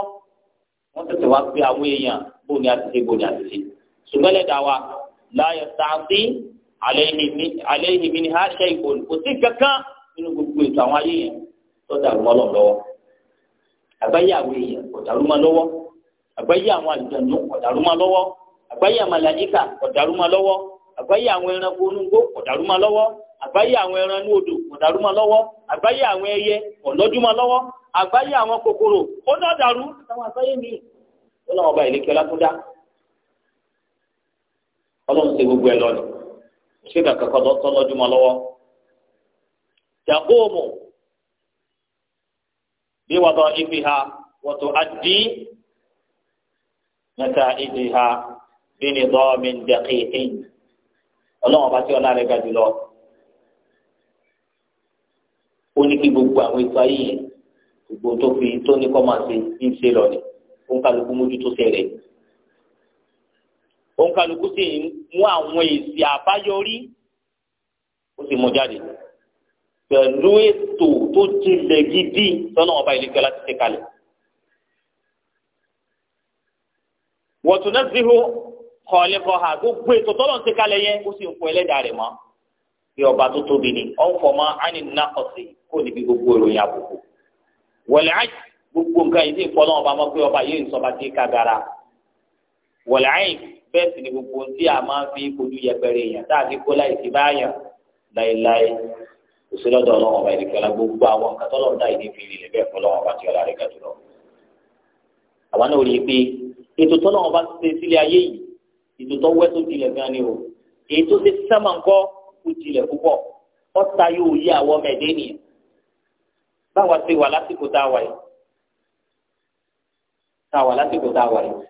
S1: wọ́n tẹ̀sẹ̀ wá pé àwọn èèyàn bó ni a ti ṣe bó ni a ti ṣe ṣùgbọ́n lẹ́dàá wa láyọ̀ sáàtì àlẹ́yìn mi ni a ṣe ìkòlù kò sí kankan nínú gbogbo ètò àwọn ayé yẹn tó dàrú mọ́ lọ́wọ́ àgbáyé àwọn èèyàn kò dàrú mọ́ lọ́wọ́ àgbáyé àwọn àlùjànnú ọ̀dàrúmọ lọ́wọ́ àgbáyé àwọn màláíkà ọ̀dàrúmọ lọ́wọ́ àgbáyé àwọn ẹranko onúgbó ọ̀dàrúmọ lọ́wọ́ àgbáyé àwọn ẹran ní odò ọ̀dàrúmọ lọ́wọ́ àgbáyé àwọn ẹyẹ ọ̀lọ́júmọ lọ́wọ́ àgbáyé àwọn kòkòrò ó náà dàrú àtàwọn àgbáyé mi ọba ìlẹ́kẹ́ gbogbo ẹ ha نتائجها بنظام دقيق ọlọ́run ọba tí ọlá rẹ̀ ga jùlọ ó ní kí gbogbo àwọn ètò ayé yẹn gbogbo tó fi tó ní kọ́ máa ṣe ní ṣe lọ ni ó ń kálukú mójútó ṣe rẹ̀ ó ń kálukú sì ń mú àwọn èsì àbáyọrí ó sì mú jáde pẹ̀lú ètò tó jinlẹ̀ gidi tọ́nà ọba ìlẹ́kẹ́ láti ṣe kalẹ̀. wọ̀túnná zihu kọ̀ọ̀lẹ́ kọ̀ọ̀hà gbogbo ètò tọ́lọ̀ ti kalẹ̀ yẹn ó sì ń kọ ẹlẹ́dàá rẹ̀ mọ́ bí ọba tó tóbi ni ọ̀ ń fọmọ́ ánì nàkọ̀sí kó níbi gbogbo ìròyìn àbùkù wọ̀lẹ́ àjì gbogbo nǹkan yìí ti ń fọlọ́ ọba mọ́ pé ọba yìí ń sọba tí kagara wọ̀lẹ́ àyìn bẹ́ẹ̀ sì ni gbogbo ohun tí a máa fi fojú yẹpẹrẹ èèyàn tá a fi kó láì la gbogbo àwọn nǹkan tọ́lọ́run dá ìdí fi rìnlẹ̀ bẹ́ẹ̀ fọlọ́run ọba tí ọlá rẹ̀ gàdúrà
S2: àwọn náà rí i pé
S1: ètò tọ́lọ́ wọn bá ti ṣe sílé ayé yìí ètò tó wẹ́ tó tilẹ̀ gan ni o èyí tó ṣe sábà ń kọ́ kó tilẹ̀ púpọ̀ ọ̀tá yóò yí àwọn ọmọ ẹ̀dẹ́ nìyẹn báwa ṣe wà lásìkò tá a wà yìí tá a wà lásìkò tá a wà yìí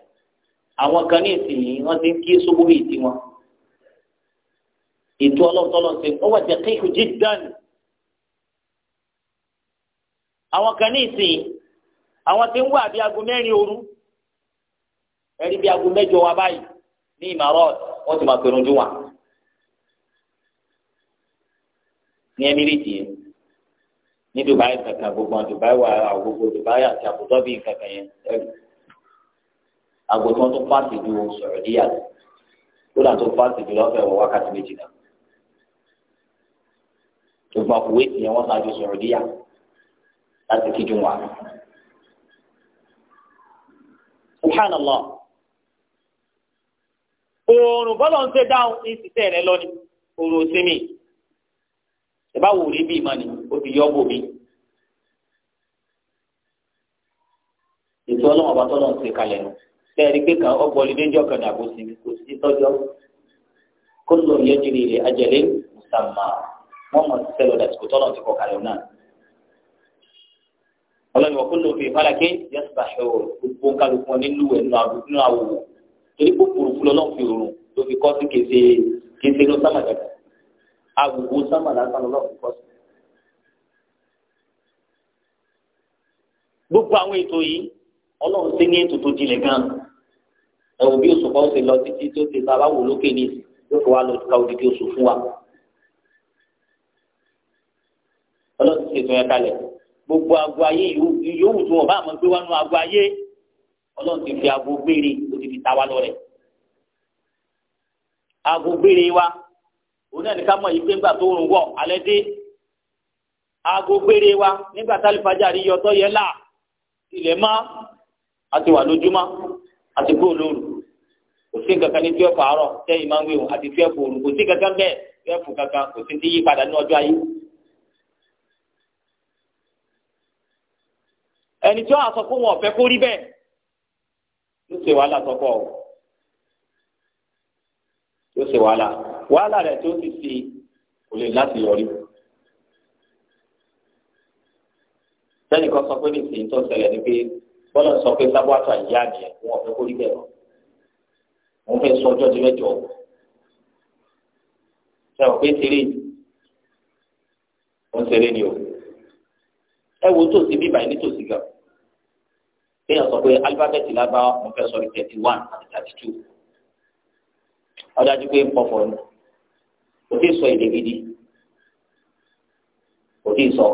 S1: àwọn kan ní ìsìn yìí wọ́n ti ń kí sóbó yìí tí wọn ètò ọlọ́ọ̀tọ́lọ́ ṣe ó wà jẹ́ kéèkù jiddan àwọn kan ní ìsìn àwọn ti ń wà bí aago mẹ́rin òru ẹni bí aago mẹ́jọ wa báyìí ní ìmọ̀ràn wọ́n ti máa pẹ̀lú ojú wa ní emiriti yẹn ní Dubai kankan gbogbo Dubai wà àwọn gbogbo Dubai àti àbùtọ́ bíi kankan yẹn ẹ̀rù aago tí wọ́n tún pàṣẹ ju sọ̀rọ̀díyà kódà tó pàṣẹ ju lọ́fẹ̀ẹ́ wọ wákàtí méjì náà ṣùgbọ́n Kuwait yẹn wọ́n ṣáájú sọ̀rọ̀díyà láti kíjú wa. subhanallah oòrùn bọ́lọ̀ ń ṣe dáhùn ní ìsìtẹ́ rẹ lọ ni oòrùn ò sinmi ìbá wò rí bí ìmọ̀ ni ó ti yọ́ bò mí. ètò ọlọ́wọ́n bá tọ́lọ́ ń ṣe kalẹ̀ nù tẹ́ẹ̀rí pé kan ọgbọ́lì déjọ́ kan dàbò sí kò sí tọ́jọ́ kó lọ yẹ jìnnì ilé ajẹ́lé mùsàmà wọ́n mọ̀ sí sẹ́lọ̀ dàtìkò tọ́lọ́ ti kọ́ kalẹ̀ náà ọlọ́ni wọ́n lọ fi ìfàlàkè yẹ́sùbà torí kó kúrúkú lọ́nà fi rùn ló fi kọ́ sí kése kése lọ sámà jẹ̀kọ̀ awùwò sámà lásán lọ́nà fi kọ́ sí. gbogbo àwọn ètò yìí ọlọ́run ṣe ní ètò tó jinlẹ̀ gan ẹ̀wọ̀n bí oṣù kan ṣe lọ títí tó ṣe sábà wò lókè ní yóò fi wá lọ ka odidi oṣù fún wa ọlọ́run ti ṣètò yẹn kalẹ̀ gbogbo àgọ́ ayé yòówù tí wọn bá àmọ́ gbé wá nù àgọ́ ayé ọlọ́run ti fi aago gbére o ti fi ta wa lọ́rẹ̀ aago gbére wa òun náà ní ká mọ̀ yìí pé ńgbà tó rùn wọ̀ alẹ́ dé aago gbére wa nígbà tá àlùfájà rí yọtọ́ yẹ là ilẹ̀ mọ́ a ti wà lójúmọ́ a ti kúrò lóru kò sí nǹkan kan ní tíwẹ́fù àárọ̀ tẹ́yìn máa ń wéwò àti tíwẹ́fù òru kò sí nǹkan kan bẹ́ẹ̀ tíwẹ́fù kankan kò sí ti yí padà ní ọjọ́ ayé. ẹni tí wọn àsọ fún wọn ọ̀fẹ́ kó bẹ́ẹ̀ ṣe wàhálà tọkọ o yóò ṣe wàhálà wàhálà rẹ̀ tó ti ṣe kò lè láti yọrí. sẹ́yìn kan sọ pé ní ìsìn tó ṣẹlẹ̀ ni pé bọ́lá sọ pé sábàtà ìyá mi ẹ̀ wọ́n fẹ́ kórìí bẹ̀rẹ̀ wọ́n fẹ́ sọ ọjọ́ di mẹ́jọ ṣe ò pé ṣeré ò ń ni o ẹ wo tòsí bíbá yìí nítòsí gan-an kéèyàn sọ pé alifábẹ́ẹ̀tì lágbára mo fẹ́ sọ thirty one àti thirty two ọ̀dájú pé ń pọ̀fọ̀ ni o tí ì sọ èdè gidi o tí ì sọ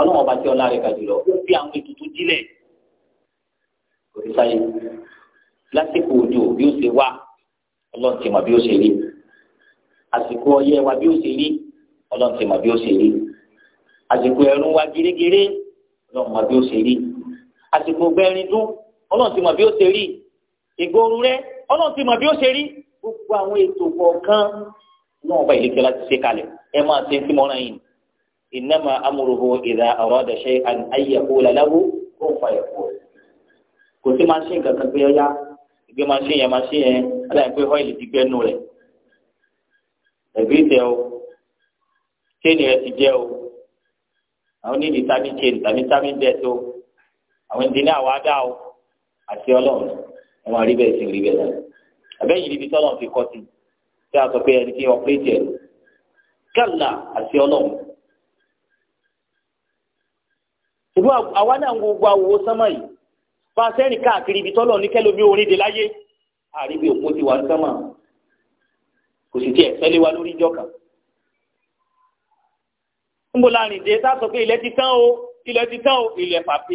S1: ọlọ́wọ́n bá tí ọlá rẹ̀ ka jùlọ ó fi àwọn ètùtù dílẹ̀ kò tí sáyé lásìkò òjò bí ó ṣe wà ọlọ́run ti mọ̀ bí ó ṣe rí àsìkò ọyẹ́ wa bí ó ṣe rí ọlọ́run ti mọ̀ bí ó ṣe rí àsìkò ẹ̀rùn wa gírígírí ọlọ́run mọ̀ bí ó ṣe rí àsìkò gbẹrin dún ọlọ́run ti mọ̀ bí ó ṣe rí rẹ ọlọ́run ti mọ̀ bí ó ṣe rí gbogbo àwọn ètò kọ̀ọ̀kan náà ọba ìlẹ́kẹ́ láti ṣe kalẹ̀ ẹ máa ṣe mọ́ra yìí ìnáma amúròhó ìdá ọ̀rọ̀ àdàṣe ó kò sí máa ṣe nǹkan kan pé ọyá ìgbé máa ṣe yẹn máa ṣe yẹn aláìní pé ọ́ìlì ti gbẹ́nu rẹ̀ ẹ̀gbẹ́ tẹ o téèni rẹ ti jẹ́ o àwọn onídìí tàbí chain tàbí tàbí bẹ́ẹ̀ tó àwọn ìdílé àwa dá o àti ọlọ́run ẹ máa rí bẹ́ẹ̀ sí rí bẹ́ẹ̀ lọ àbẹ́yìn níbi tọ́lọ̀ fi kọ́ sí tí a sọ pé ẹni tí ọ̀pẹ́tì ẹ̀ kẹ́là àti ọlọ́run. ìlú àwa náà ń gbogbo àwòwò sánmà yìí bá a sẹ́rìn káàkiri ibi tọ́lọ̀ ní kẹ́lómi orin de láyé àríbi òpó ti wà ń sánmà kò sì tiẹ̀ fẹ́lẹ́ wa lórí ìjọ kan níbo la rìn dé tá a sọ pé ilẹ̀ ti tán o ilẹ̀ ti tán o ilẹ̀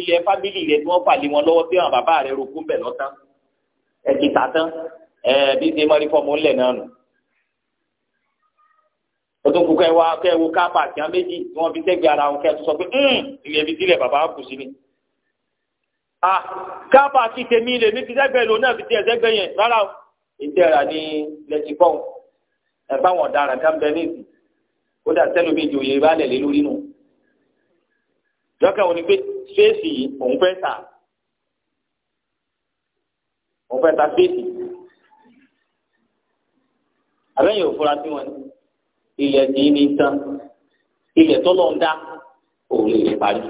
S1: ilẹ̀ fábílì ilẹ̀ tí wọ́n fà lé wọn lọ́wọ́ bí àwọn bàbá rẹ̀ rokú bẹ̀ lọ́tán ẹ̀ ti tà tán ẹ̀ bí ṣe mọ́rí fọ́ọ̀mù ńlẹ̀ náà nù ọdún kúkẹ́ wa kẹ́ wo káàpà àti àwọn méjì tí wọ́n fi tẹ́gbẹ́ ara wọn kẹ́ tó sọ pé hmm, ilé ibi sílẹ̀ bàbá kù sí ni. káàpà àti tèmi ilé mi fi sẹ́gbẹ́ lò náà fi tiẹ̀ sẹ́gbẹ́ yẹn rárá o. ìtẹ́ra ní lẹ́tìkọ́ọ̀ ẹ̀ báwọn ọ̀daràn kan kódà sẹ́lómi ìjòyè bá lẹ̀ lé lórí nù lọ́kàn òní pé fèsì òun fẹ́ tà òun fẹ́ ta fèsì àbẹ́yẹ̀ òfurá tí wọ́n ilẹ̀ tí ní tán ilẹ̀ tó lọ́n dá òun lè parí.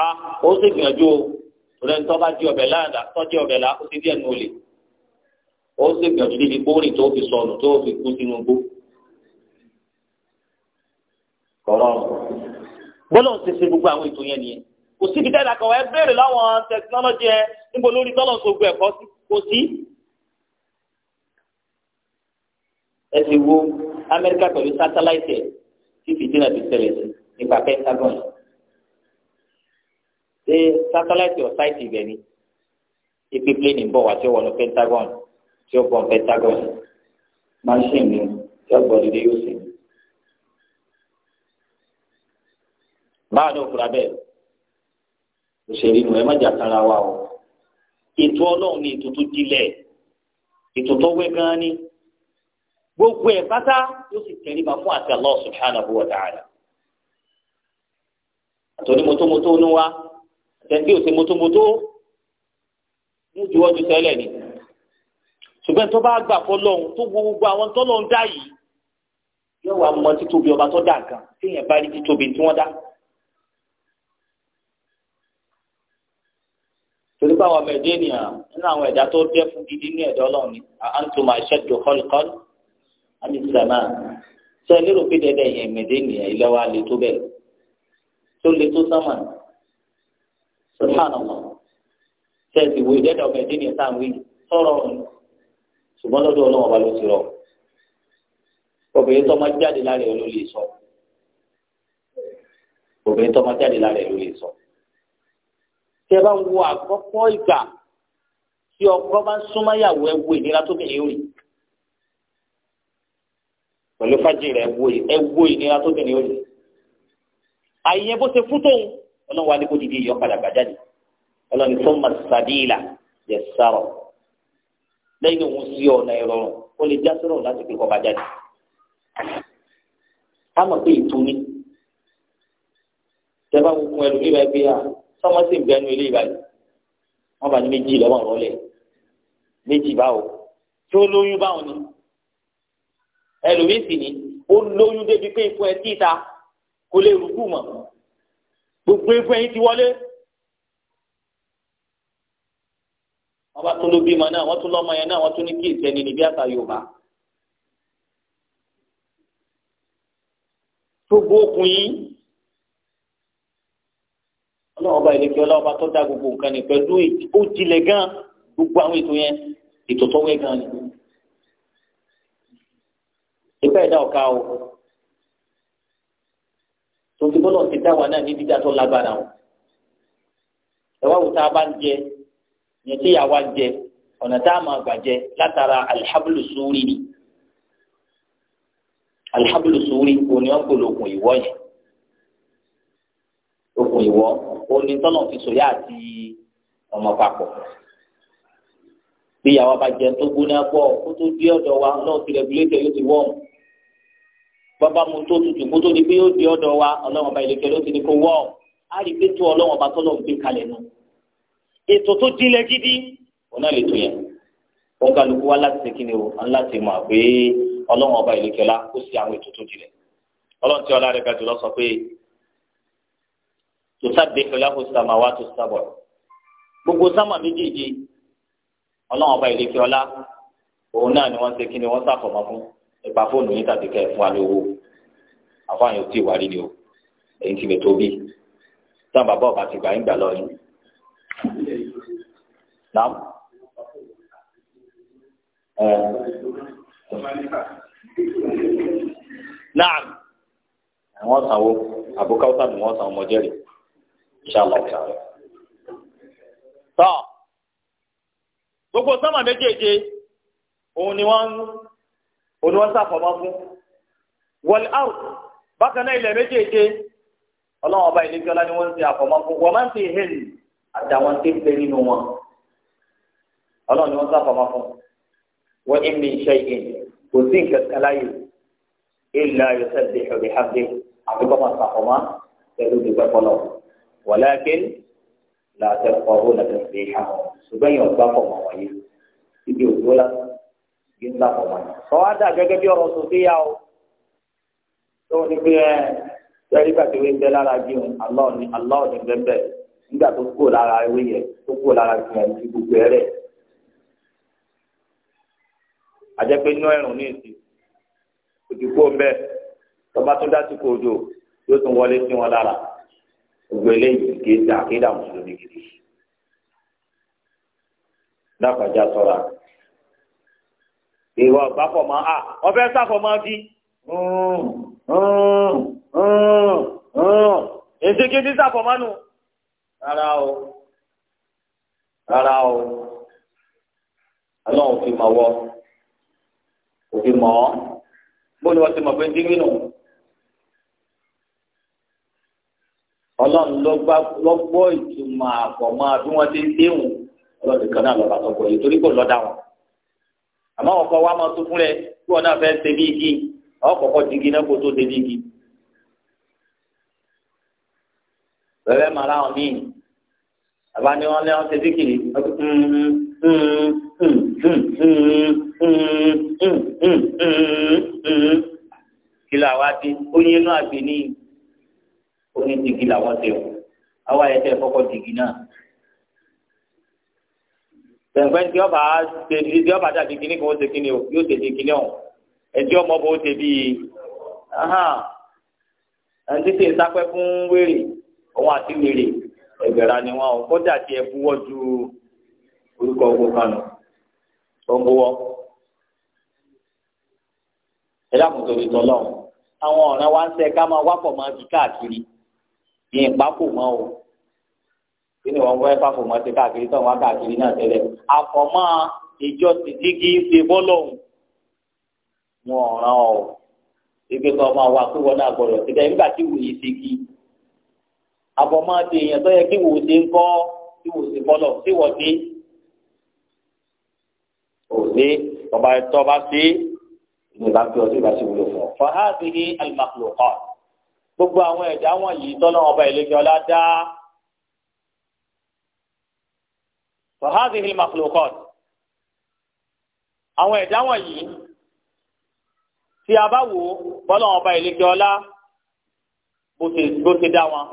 S1: a ó sì gbìyànjú o lẹ́nu tó bá di ọbẹ̀ láàdá tó di ọbẹ̀ lá ó ti díẹ̀ nù olè ó sì gbìyànjú níbi bóòrì tó fi sọnù tó fi kú sínú gbó kọrọrùn gbọ́dọ̀ ṣe ṣe gbogbo àwọn ètò yẹn nìyẹn kò síbi tẹ́lẹ̀ àkàwọ́ ẹ béèrè láwọn tẹkinọ́lọ́jì ẹ níbo lórí tọ́lọ̀ tó gbẹ ẹ̀kọ́ sí kò sí. ẹ ti wo Amẹ́ríkà pẹ̀lú sátáláìtì ẹ̀ tí fìdíhàn ti tẹ̀lé sí nípa pentagon yìí. ṣé sátáláìtì ọ̀sáìtì ibẹ̀ ni ibi pléènì ń bọ̀ wá tí ó wọnú pentagon tí ó bọ̀ pentagon máa tí ó gbọ́ dídé yóò ṣèlú. báwa ní òkúra bẹ́ẹ̀ òṣèré nù ẹ má jà sára wa o ètò ọlọ́run ni ètò tó dilẹ̀ ètò tó wẹ́ gan-an ni gbogbo ẹ̀ pátá ó sì tẹríba fún àti Allah subhanahu wa ta'ala àtọ́ni mọ́tòmọ́tò ní wa àtẹ̀ntì òsè mọ́tòmọ́tò ń ju ọdún tẹ́lẹ̀ ni ṣùgbọ́n tó bá gbà fọlọ́hún tó gbogbo àwọn tọ́lọ́hún dá yìí yóò wá mọ títóbi ọba tó dá nǹkan téèyàn bá rí títóbi tí wọ́n dá pé àwọn ọmọ ẹ̀dá ènìyàn nínú àwọn ẹ̀dá tó dẹ́ fún gidi ní ẹ̀dá ọlọ́run ni àǹtùmọ̀ àṣẹjù kọ́lùkọ́lù àmì sàmà sọ lérò pé dẹ́dẹ́ yẹn ẹ̀mẹ̀dá ènìyàn ilẹ̀ wa le tó bẹ́ẹ̀ tó le tó sánmà subhanallah sẹ́ẹ̀sì wo ìdẹ́dẹ́ ọmọ ẹ̀dá ènìyàn sáà wí sọ̀rọ̀ ṣùgbọ́n lọ́dọ̀ ọlọ́run ọba ló ti rọ obìnrin tó máa jáde lára ẹ̀ sọ obìnrin tó máa jáde lára ẹ̀ sọ tẹ bá ń wo àkọ́kọ́ ìgbà tí ọkọ bá ń súnmọ́ ìyàwó ẹ wo ìnira tó bẹ̀rẹ̀ rè pẹ̀lú fájìrì ẹ wo ìnira tó bẹ̀rẹ̀ rè àyè bó ṣe fún tóun ọlọ́run wa ní kó dìde ìyọ́ padà gbàjáde ọlọ́run tó mọ̀ sàdíìlà yẹ sárọ̀ lẹ́yìn òun sí ọ̀nà ìrọ̀rùn ó lè já sọ̀rọ̀ láti pè kọ́ bá ká mọ̀ pé ìtúni tẹ bá wo ẹlòmíràn ẹgbẹ́ yà tọmọ sì ń bẹnu ilé ìbàdí wọn bá ní méjì lọ́wọ́ rọlẹ̀ méjì báwo tí ó lóyún báwo ni ẹlòmíì sì ni ó lóyún débi pé ikú ẹ títa kò lè rúkú mọ́ gbogbo ikú ẹyin ti wọlé wọn bá tún ló bímọ náà wọn tún lọmọ yẹn náà wọn tún ní kí ìsẹni níbi àṣà Yorùbá gbogbo okùn yìí ọlọ́run ọba ìlẹkẹ ọlọ́run ọba tó dá gbogbo nǹkan ní pẹ̀lú ó jilẹ̀ gan gbogbo àwọn ètò yẹn ètò tó wẹ gan ni ìgbà ẹ̀dá ọ̀ka o tòtí bọ́lọ̀ ti dá wa náà ní dídá tó lágbára o ẹ̀wá wò tá a bá ń jẹ yẹn tí yàá wá ń jẹ ọ̀nà tá a máa gbà jẹ látara alihabulu sùúrì ni alihabulu sùúrì òní ọ̀pọ̀lọpọ̀ ìwọ yẹn ìwọ òní tọ́lọ̀ fi sòyà àti ọmọ papọ̀ bí ìyàwó bá jẹ tó gbóná pọ̀ kó tó dé ọ̀dọ̀ wa náà ti rẹ̀gúlétẹ̀ yóò ti wọ́n bàbá mu tó tutù kó tó di pé yóò dé ọ̀dọ̀ wa ọlọ́wọ́n ọba ìlẹ̀kẹ̀ ló ti ní kó wọ́n á rí i pé tó ọlọ́wọ́n ọba tọ́lọ̀ ń gbé kalẹ̀ nù ètò tó dilẹ̀ gidi ọ̀nà lè tó yẹn wọn kálukú wa láti kí ni o láti mọ̀ pé ọlọ́wọ́n ọba ìlẹ̀kẹ̀ la kó sí àwọn ètò tó dilẹ̀ ọlọ́run tí ọlá rẹ̀ ga sọ pé tusabbihu lahu samawatu sab'u gbogbo sámà méjèèjì ọlọ́wọ́n ọba ìlẹ́kẹ́ ọlá òun náà ni wọ́n ṣe kí ni wọ́n sàfọ̀mọ́ fún ipa fóònù yìí tàbí kẹ́ ẹ̀ fún wa lówó àwọn àyàn tí ìwà rí ni o èyí ti lè tóbi táwọn bàbá ọba ti gbà ń gbà lọ yín. Nàám. Nàám. Àwọn sanwó àbúkáwọ́sà ni wọ́n san ọmọ jẹ́rìí inshallah ta'ala. tọ́ gbogbo sọ́mà méjèèjì òun ni wọ́n òun ni wọ́n sàfọ̀mọ́ fún wọlé áwù bákan náà ilẹ̀ méjèèjì ọlọ́wọ́n ọba ìlẹ́jọ́ ọlá ni wọ́n ń ti àfọ̀mọ́ fún wọ́n máa ń ti hẹ́n àtàwọn tí ń pè nínú wọn ọlọ́wọ́n ni wọ́n sàfọ̀mọ́ fún wọ́n ń mi iṣẹ́ yìí kò sí nǹkan kan láyè ilẹ̀ ayọ̀sẹ̀ dèjọ́ bí àti kọ́ máa sàfọ̀mọ́ pẹ̀lú ìgbẹ́kọ̀lọ́wọ́ walakin làtẹ̀ kọ̀ọ̀bù làtẹ̀ fi hàn ṣùgbọ́n yìí ọ̀gbá pọ̀ mọ́ wọ̀nyí ibi òjò la kí n bá pọ̀ mọ́ yìí. sọ wá dà gẹ́gẹ́ bí ọ̀rọ̀ sòfíà o tó ní pé ẹ sẹ́rí bàtí wọ́n ń bẹ lára bí wọn Allah ni Allah ni bẹ́ẹ̀ bẹ́ẹ̀ nígbà tó kúrò lára ewé yẹn tó kúrò lára gbìyànjú ti gbogbo ẹ̀ rẹ̀ àjẹpé inú ẹ̀rùn ní èsì òdìpọ̀ mbẹ tọba tó dá sí kojú yóò tún wọlé sí wọn lára gbogbo eléyìí kìí ṣe àkídà mùsùlùmí gidi dákàjá ṣọ́ra ìwà ọba fọmọ a ọbẹ sáfọmọ bí hmm, hmm, hmm, èsì kìí sáfọmọ nù rárá o rárá o aláwọ fi mọ wọ òfin mọ ọ bó ni wọn ti mọ pé dín nínú. ọlọ́run ló gbọ́ ìtumọ̀ àpọ̀mọ́ bí wọ́n ti ń déhùn ọlọ́run kan náà lọ́ba tó gbọ́ yìí torí kò lọ́dà wọn. àmọ́ ọkọ̀ wa máa tún fún rẹ bí wọn náà fẹ́ ṣe bí igi ọkọ̀ọ̀kọ̀ digi náà kó tó ṣe bí igi. bẹ́ẹ̀ máa láwọn míì àbá ni wọ́n lé wọn ṣe bíkìrì kí ló àwa ti ó yín inú àgbè níyì ó ní digi làwọn ṣe o àwa yẹ kẹ́ ẹ kọ́kọ́ digi náà pẹ̀lú tí ọba ṣe tí ọba dàbí kíní kan ó ṣe kíní o yóò ṣe ṣe kíní o ẹjọ́ ọmọ bó ṣe bíi ẹni tí ṣe ń sápẹ́ fún wèrè òun àti wèrè ẹgbẹ̀ra ni wọn o kódà tí ẹ búwọ́ ju orúkọ ogun kan nù tó ń búwọ́ ẹ dákun tó fi tọ́ lọ́hùn àwọn ọ̀ràn wa ń ṣe ká máa wápọ̀ máa fi káàkiri yìnyín pákó mọ́ o kí ni wọ́n wẹ́ pákó mọ́ ti káàkiri tán wọ́n káàkiri náà tẹ́lẹ̀ àfọ̀mọ́ ìjọ ti dígí ṣe bọ́lọ̀hún wọn ò ràn ọ́ ibi kan máa wà pé wọn náà gbọdọ̀ síbẹ̀ nígbà tí wòye ṣe kí àfọ̀mọ́ ti èèyàn tó yẹ kí wò ṣe ń kọ́ tí wò ṣe bọ́lọ̀ tí wọ́n dé òde tọba tọba sí ìgbà tí ọdún ìgbà wúlò fún ọ. fọ́hádìí al-makhluqat gbogbo àwọn ẹ̀dá wọ̀nyí tọ́lọ́wọ́n ọba ìlẹ́kẹ́ ọlá dá. fahadihil makhlukat àwọn ẹ̀dá wọ̀nyí tí a bá wò bọ́lọ́wọ́n ọba ìlẹ́kẹ́ ọlá bó ti dá wọn.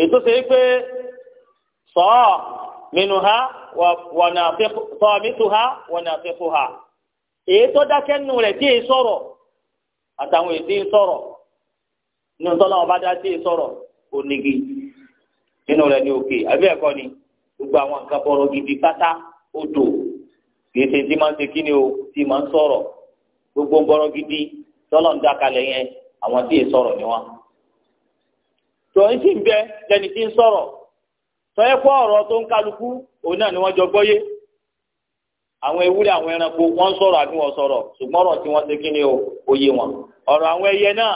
S1: ètò ṣe é pé sọ́ọ̀ minnu ha wọ̀nà fẹ́kù ha wọ̀nà fẹ́kù ha èyí tó dákẹ́ nù rẹ̀ tí èyí sọ̀rọ̀. àtàwọn èdè sọ̀rọ̀ nínú tọ́lá ọba dá sí sọ̀rọ̀ onígi nínú rẹ ní òkè àbí ni gbogbo àwọn nǹkan bọ̀rọ̀ gidi pátá odò gbèsè tí máa ń ṣe kí ni o tí máa ń gbogbo bọ̀rọ̀ gidi tọ́lọ̀ ń dákalẹ̀ yẹn àwọn tí ì ni wọn. sì ń bẹ lẹ́ni tí ń sọ̀rọ̀ àwọn ewúrẹ́ àwọn ẹranko wọn sọrọ àbí wọ́n sọ̀rọ̀ ṣùgbọ́n ọ̀rọ̀ tí wọ́n ṣe kí ni o òye wọn Ọrọ àwọn ẹyẹ náà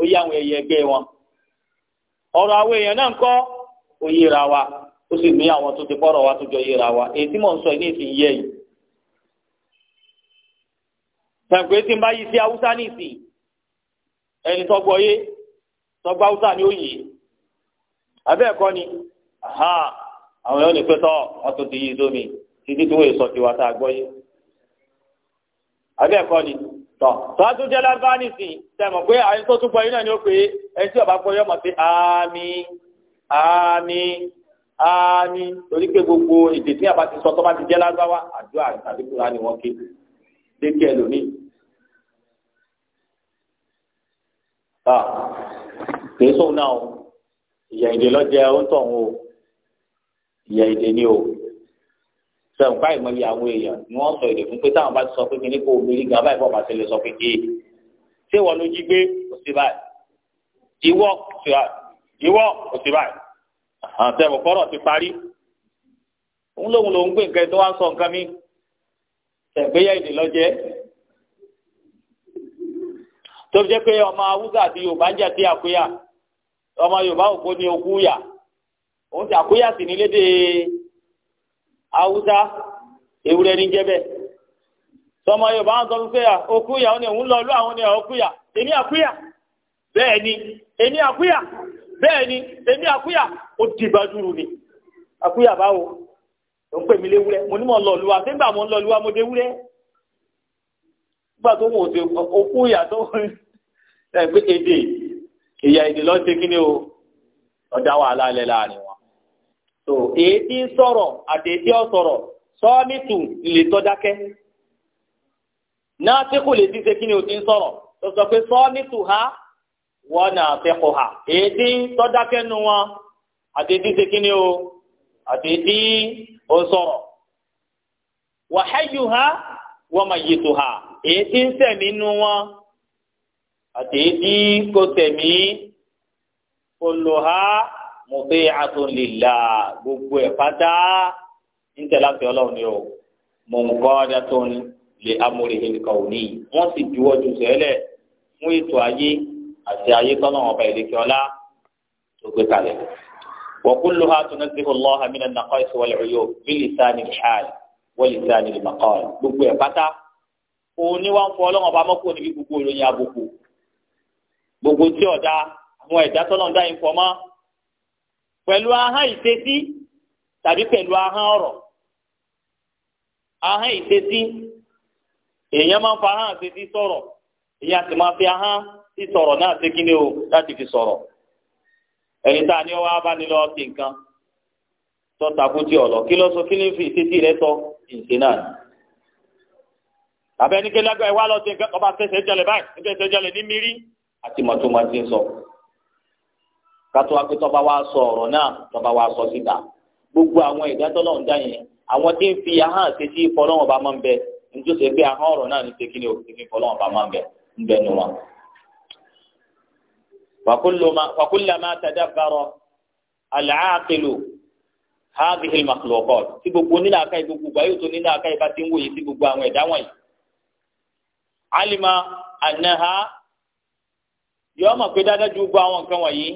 S1: òye àwọn ẹyẹ ẹgbẹ wọn Ọrọ àwọn èèyàn náà ń kọ́ òye ra wa ó sì ní àwọn tó ti kọ́rọ̀ wa tó jọ yé ra wa èyí tí mò ń sọ ní ìsìn yẹ yìí tẹ̀gbé tí ń bá yí sí haúsá ní ìsìn ẹni tọ́gbọ́ yé tọ́gbọ́ haúsá ni ó yè abẹ́ ẹ̀kọ́ ni àwọn yóò ní pẹ́ tọ́ wọ́n tó ti yí sómi. títí tí wọ́n yẹ sọ tiwa tá a gbọ́ yé abẹ́ẹ̀kọ́ ni tọ́ tọ́jú jẹ́ lábá nìsín tẹ̀mọ̀ pé àyè tó tún gbọ́ yín náà ni ó pé ẹni tí ọba gbọ́ yọmọ sí àmì àmì àmì torí pé gbogbo èdè tí àbá ti sọ tó bá ti jẹ́ lágbáwá àdúrà tàbí kúrò ni wọ́n ké létí ẹ lónìí. kìí sóun náà ìyà èdè lọ́jẹ́ ó ń tọ̀ o ìyà èdè ni o sẹ́wọ̀n káyìí mọ́ àwọn èèyàn ni wọ́n sọ èdè fún pé táwọn bá ti sọ pé kíní kó omi rí gan báyìí bọ́ọ̀ bá ti sọ pé kéè ṣé wọ́n ló jí gbé kò sí báyìí ìwọ ìwọ kò sí báyìí sẹ́wọ̀n kọ́rọ̀ ti parí òun lòun lòun gbé nǹkan tó wá ń sọ nǹkan mi ẹ̀gbéyà èdè lọ́jẹ́ tó jẹ́ pé ọmọ haúsá àti yorùbá jẹ́ sí àkúyà ọmọ yorùbá òfò ní okú yà òun ti àkúyà sí ní lédè haúsá ewúrẹ́ ní jẹ́ bẹ́ẹ̀ yorùbá ń sọ fún pé okúyà òun lọ àwọn ní èmi ni èmi àkúyà bẹ́ẹ̀ ni èmi àkúyà ó di gbajúrù ni àkúyà báwo ló ń pè mí léwúrẹ́ mo ní mọ̀ ń lọ lúwa nígbà mo ń lọ mo dé nígbà tó wò ṣe o wàhálà láàrin wọn. tó èédí sọ̀rọ̀ àtẹ̀tí ọ̀sọ̀rọ̀ sọ́ọ́mìtù lè tọ́jákẹ́ náà tí kò lè ti ṣe kí ni o ti ń sọ̀rọ̀ tó sọ pé ha wọ́n náà fẹ́kọ̀ọ́ ha èédí tọ́jákẹ́ nu wọn àtẹ̀tí ṣe kí ni o àtẹ̀tí ó sọ̀rọ̀ ha wọ́n máa yé tó ha èédí ń sẹ̀mí nu wọn ko kò sẹ̀mí olùhà. muti'atun lillah gbogbo ẹ̀ pátá ń tẹ̀lé àti ọlọ́run ni o munqadatun li amrihi al-kawni wọ́n sì juwọ́ ju sẹ́lẹ̀ fún ètò ayé àti ayé tọ́nà ọba ìlẹ́kẹ́ ọlá tó gbé kalẹ̀. wa kulluha tunazzihu Allaha min an-naqais wal-uyub bilisani al-hal walisani al-maqal gbogbo ẹ̀ pátá òní wá ń ọlọ́run ọba mọ́kò níbi gbogbo ìròyìn àbùkù gbogbo tí ọ̀dà àwọn ẹ̀dá tọ́nà dá yín pẹ̀lú ahọ́n ìṣesí tàbí pẹ̀lú ahọ́n ọ̀rọ̀ ahọ́n ìṣesí èèyàn máa ń fa sọ̀rọ̀ èèyàn sì máa fi ahọ́n sí sọ̀rọ̀ náà ṣe kí o láti fi sọ̀rọ̀ ẹni tá a ní ọwọ́ abánilọ́ ti nǹkan tọ́ta kú ọ̀lọ́ kí ló sọ kí ló fi kátó wá pé tọ́ba wá sọ ọ̀rọ̀ náà tọ́ba wá sọ síta gbogbo àwọn ìdájọ́ náà ń dá yẹn àwọn tí ń fi ahọ́n ṣe sí ìfọlọ́wọ́n bá máa ń bẹ nítorí pé ahọ́n ọ̀rọ̀ náà ní ṣe kí ni òfin ìfọlọ́wọ́n bá máa ń bẹ ń bẹ nu wọn. wàkúlàmà tàdábàrọ àlàákìlù hàbíhìl màkìlọ̀kọ tí gbogbo nílà akáyí gbogbo báyìí tó nílà akáyí bá ti ń wòye sí gbogbo àwọn ẹ̀dá wọ̀nyí. alima anaha yọọ mọ̀ pé dáadáa ju gbogbo àwọn nǹkan wọ̀nyí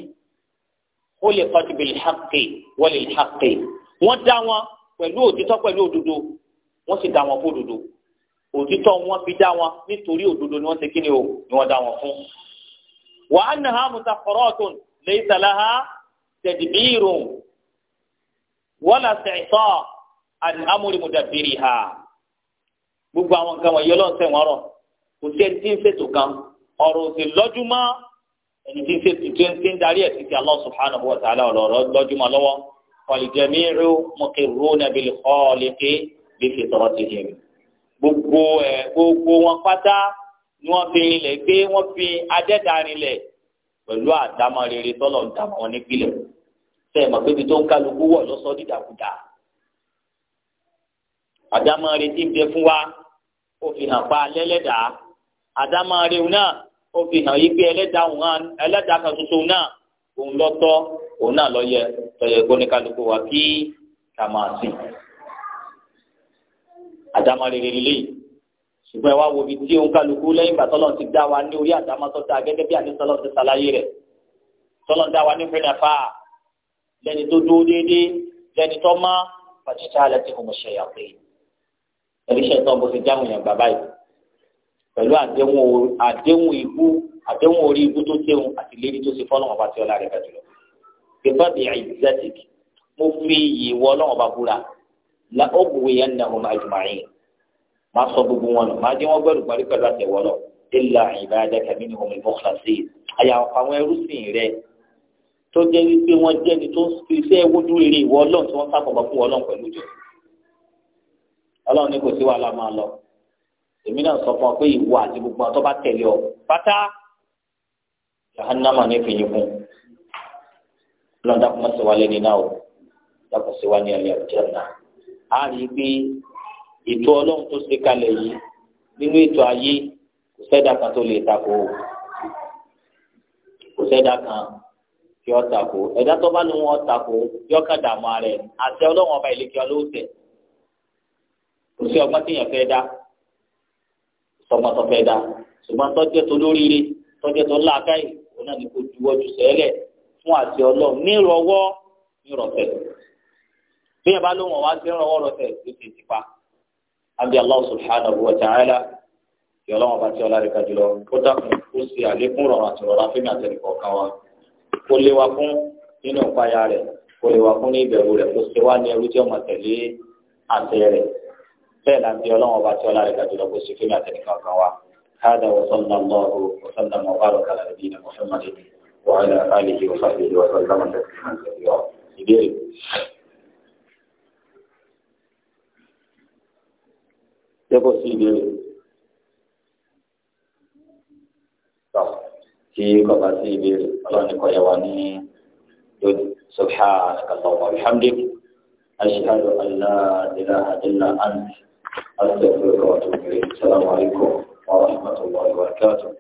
S1: ó lè kọ́tù bil haqqi wa lil haqqi wọ́n dá wọn pẹ̀lú òtítọ́ pẹ̀lú òdodo wọ́n sì dá wọn fún òdodo òtítọ́ wọn fi dá wọn nítorí òdodo ni wọ́n ṣe kíni o ni wọ́n dá wọn fún. wa annaha mutaqaratun laysa laha tadbirun wala sẹ̀tọ́ al-amri mudabbiriha gbogbo àwọn nǹkan wọ̀nyí ọlọ́sẹ̀ wọn rọ̀ kò sí ẹni tí ń ṣètò kan ọ̀rọ̀ òsè lọ́júmọ́ ẹni tí ń ṣe tuntun ti ń darí ẹ̀ títí Allah subhanahu wa ta'ala ọ̀rọ̀ lọ́júmọ́ lọ́wọ́ ọ̀lìjẹ̀mírù muqirruna bil khaliqi bí fitratihim gbogbo ẹ̀ gbogbo wọn pátá ni wọ́n fi rinlẹ̀ gbé wọ́n fi adẹ́ta rinlẹ̀ pẹ̀lú àdámọ́ rere tọ́lọ̀ ń dà wọn nípìnlẹ̀ sẹ́ẹ̀ pé ibi tó ń kálukú wọ̀ lọ́sọ́ dídàkudà àdámọ́ rere ti ń bẹ fún wa ó fi hàn pa lẹ́lẹ́dàá àdámọ́ rere náà ó fi hàn yí pé ẹlẹ́dàá kan ṣoṣo náà òun lọ́tọ́ òun náà lọ́yẹ tọ́yẹ gbóníkálukú wa kí ká máa sìn. àdámọ́ rere lélẹ́yìí ṣùgbọ́n ẹ wá wo ibi tí òun kálukú lẹ́yìn ìgbà tọ́lọ́ ti dá wa ní orí àdámọ́ tó dáa gẹ́gẹ́ bí àdéṣọlọ́ ti ṣàlàyé rẹ̀ tọ́lọ́ dá wa ní fẹ́nàfà lẹ́ni tó dúró déédéé lẹ́ni tó má fàṣíṣà alẹ́ tí mo ṣe yàgbé ẹ̀rí ṣẹ́ńtọ́ pẹ̀lú àdéhùn àdéhùn ibú àdéhùn orí ibú tó déhùn àti lérí tó ṣe fọ́nà ọba tí ọlá rẹ̀ gàdúrà bíbá bíi àìsíṣẹ́tìk mo fi iyì wọ ọlọ́run ọba búra la ó bu wíyẹn náà wọn àjùmáyìn máa sọ gbogbo wọn nù máa jẹ́ wọ́n gbẹ́rù parí pẹ̀lú àtẹ̀wọ́ lọ ilà ìbáradà kàmí ni omi mọ́kànlásì àyà àwọn ẹrúsìn rẹ tó jẹ́ wípé wọ́n jẹ́ni tó fi iṣẹ́ wójú rere ìwọ ọlọ́run tí wọ́n sábà fún ọlọ́run pẹ̀lú jọ ọlọ́run ní kò sí wàhálà máa lọ èmi náà sọ fún ọ pé ìwọ àti gbogbo àtọ́ bá tẹ̀lé ọ pátá jahannama ní fìyín fún lọ́dà kó má ṣe wálé ní náà o dàpọ̀ sí wa ní ẹ̀lẹ́ àjẹ́nà á rí i pé ètò ọlọ́run tó ṣe kalẹ̀ yìí nínú ètò ayé kò sẹ́dá kan tó lè takò kò sẹ́dá kan kí ọ takò ẹ̀dá tó bá ní wọn takò kí ọkàn dààmú ara ẹ̀ àti ọlọ́run ọba ìlẹ́kẹ́ ọlọ́wọ́ tẹ̀ kò sí ọgbọ́n tí èèyàn fẹ́ dá tọmọtọ fẹ́ da ṣùgbọ́n tọ́jẹ́ tó lóríire tọ́jẹ́ tó láàkáyè òun náà ní kó juwọ́jú sẹ́lẹ̀ fún àti ọlọ́run nírọ̀wọ́ nírọ̀fẹ́ bí ẹ bá lóhùn ọ̀wá sí nírọ̀wọ́ rọ̀fẹ́ ló ti ti pa àbí Allah subhanahu wa ta'ala kí ọlọ́run bá ti ọlá rẹ̀ kájú lọ kó dákun kó ṣe àlékún rọrùn àti rọra fún mi àtẹnìkọ̀ kan wa kó lé wa fún nínú ìpayà rẹ̀ kó lé wa fún ní ìbẹ̀rù rẹ̀ kó ṣe wá ní ẹrú tí ọmọ tẹ̀lé àtẹ rẹ̀ bẹ́ẹ̀ la ń bí ọlọ́run ọba tí ọlá rẹ̀ ga jùlọ kó ṣe fún mi àtẹnìkan kan wa káàdà wọ́sọ̀lọ́mọ́rù wọ́sọ̀lọ́mọ́ bá lọ́kà làbí ní mọ́sánmọ́lé wàhálà àlejò wọ́sọ̀lọ́mọ́ sí ìbéèrè? tí kò bá sí ìbéèrè ọlọ́run ní kọ́yẹ wa ní lónìí subhanaka Allahumma wa bihamdik ashhadu an la ilaha أستغفرك وأتوب السلام عليكم ورحمة الله وبركاته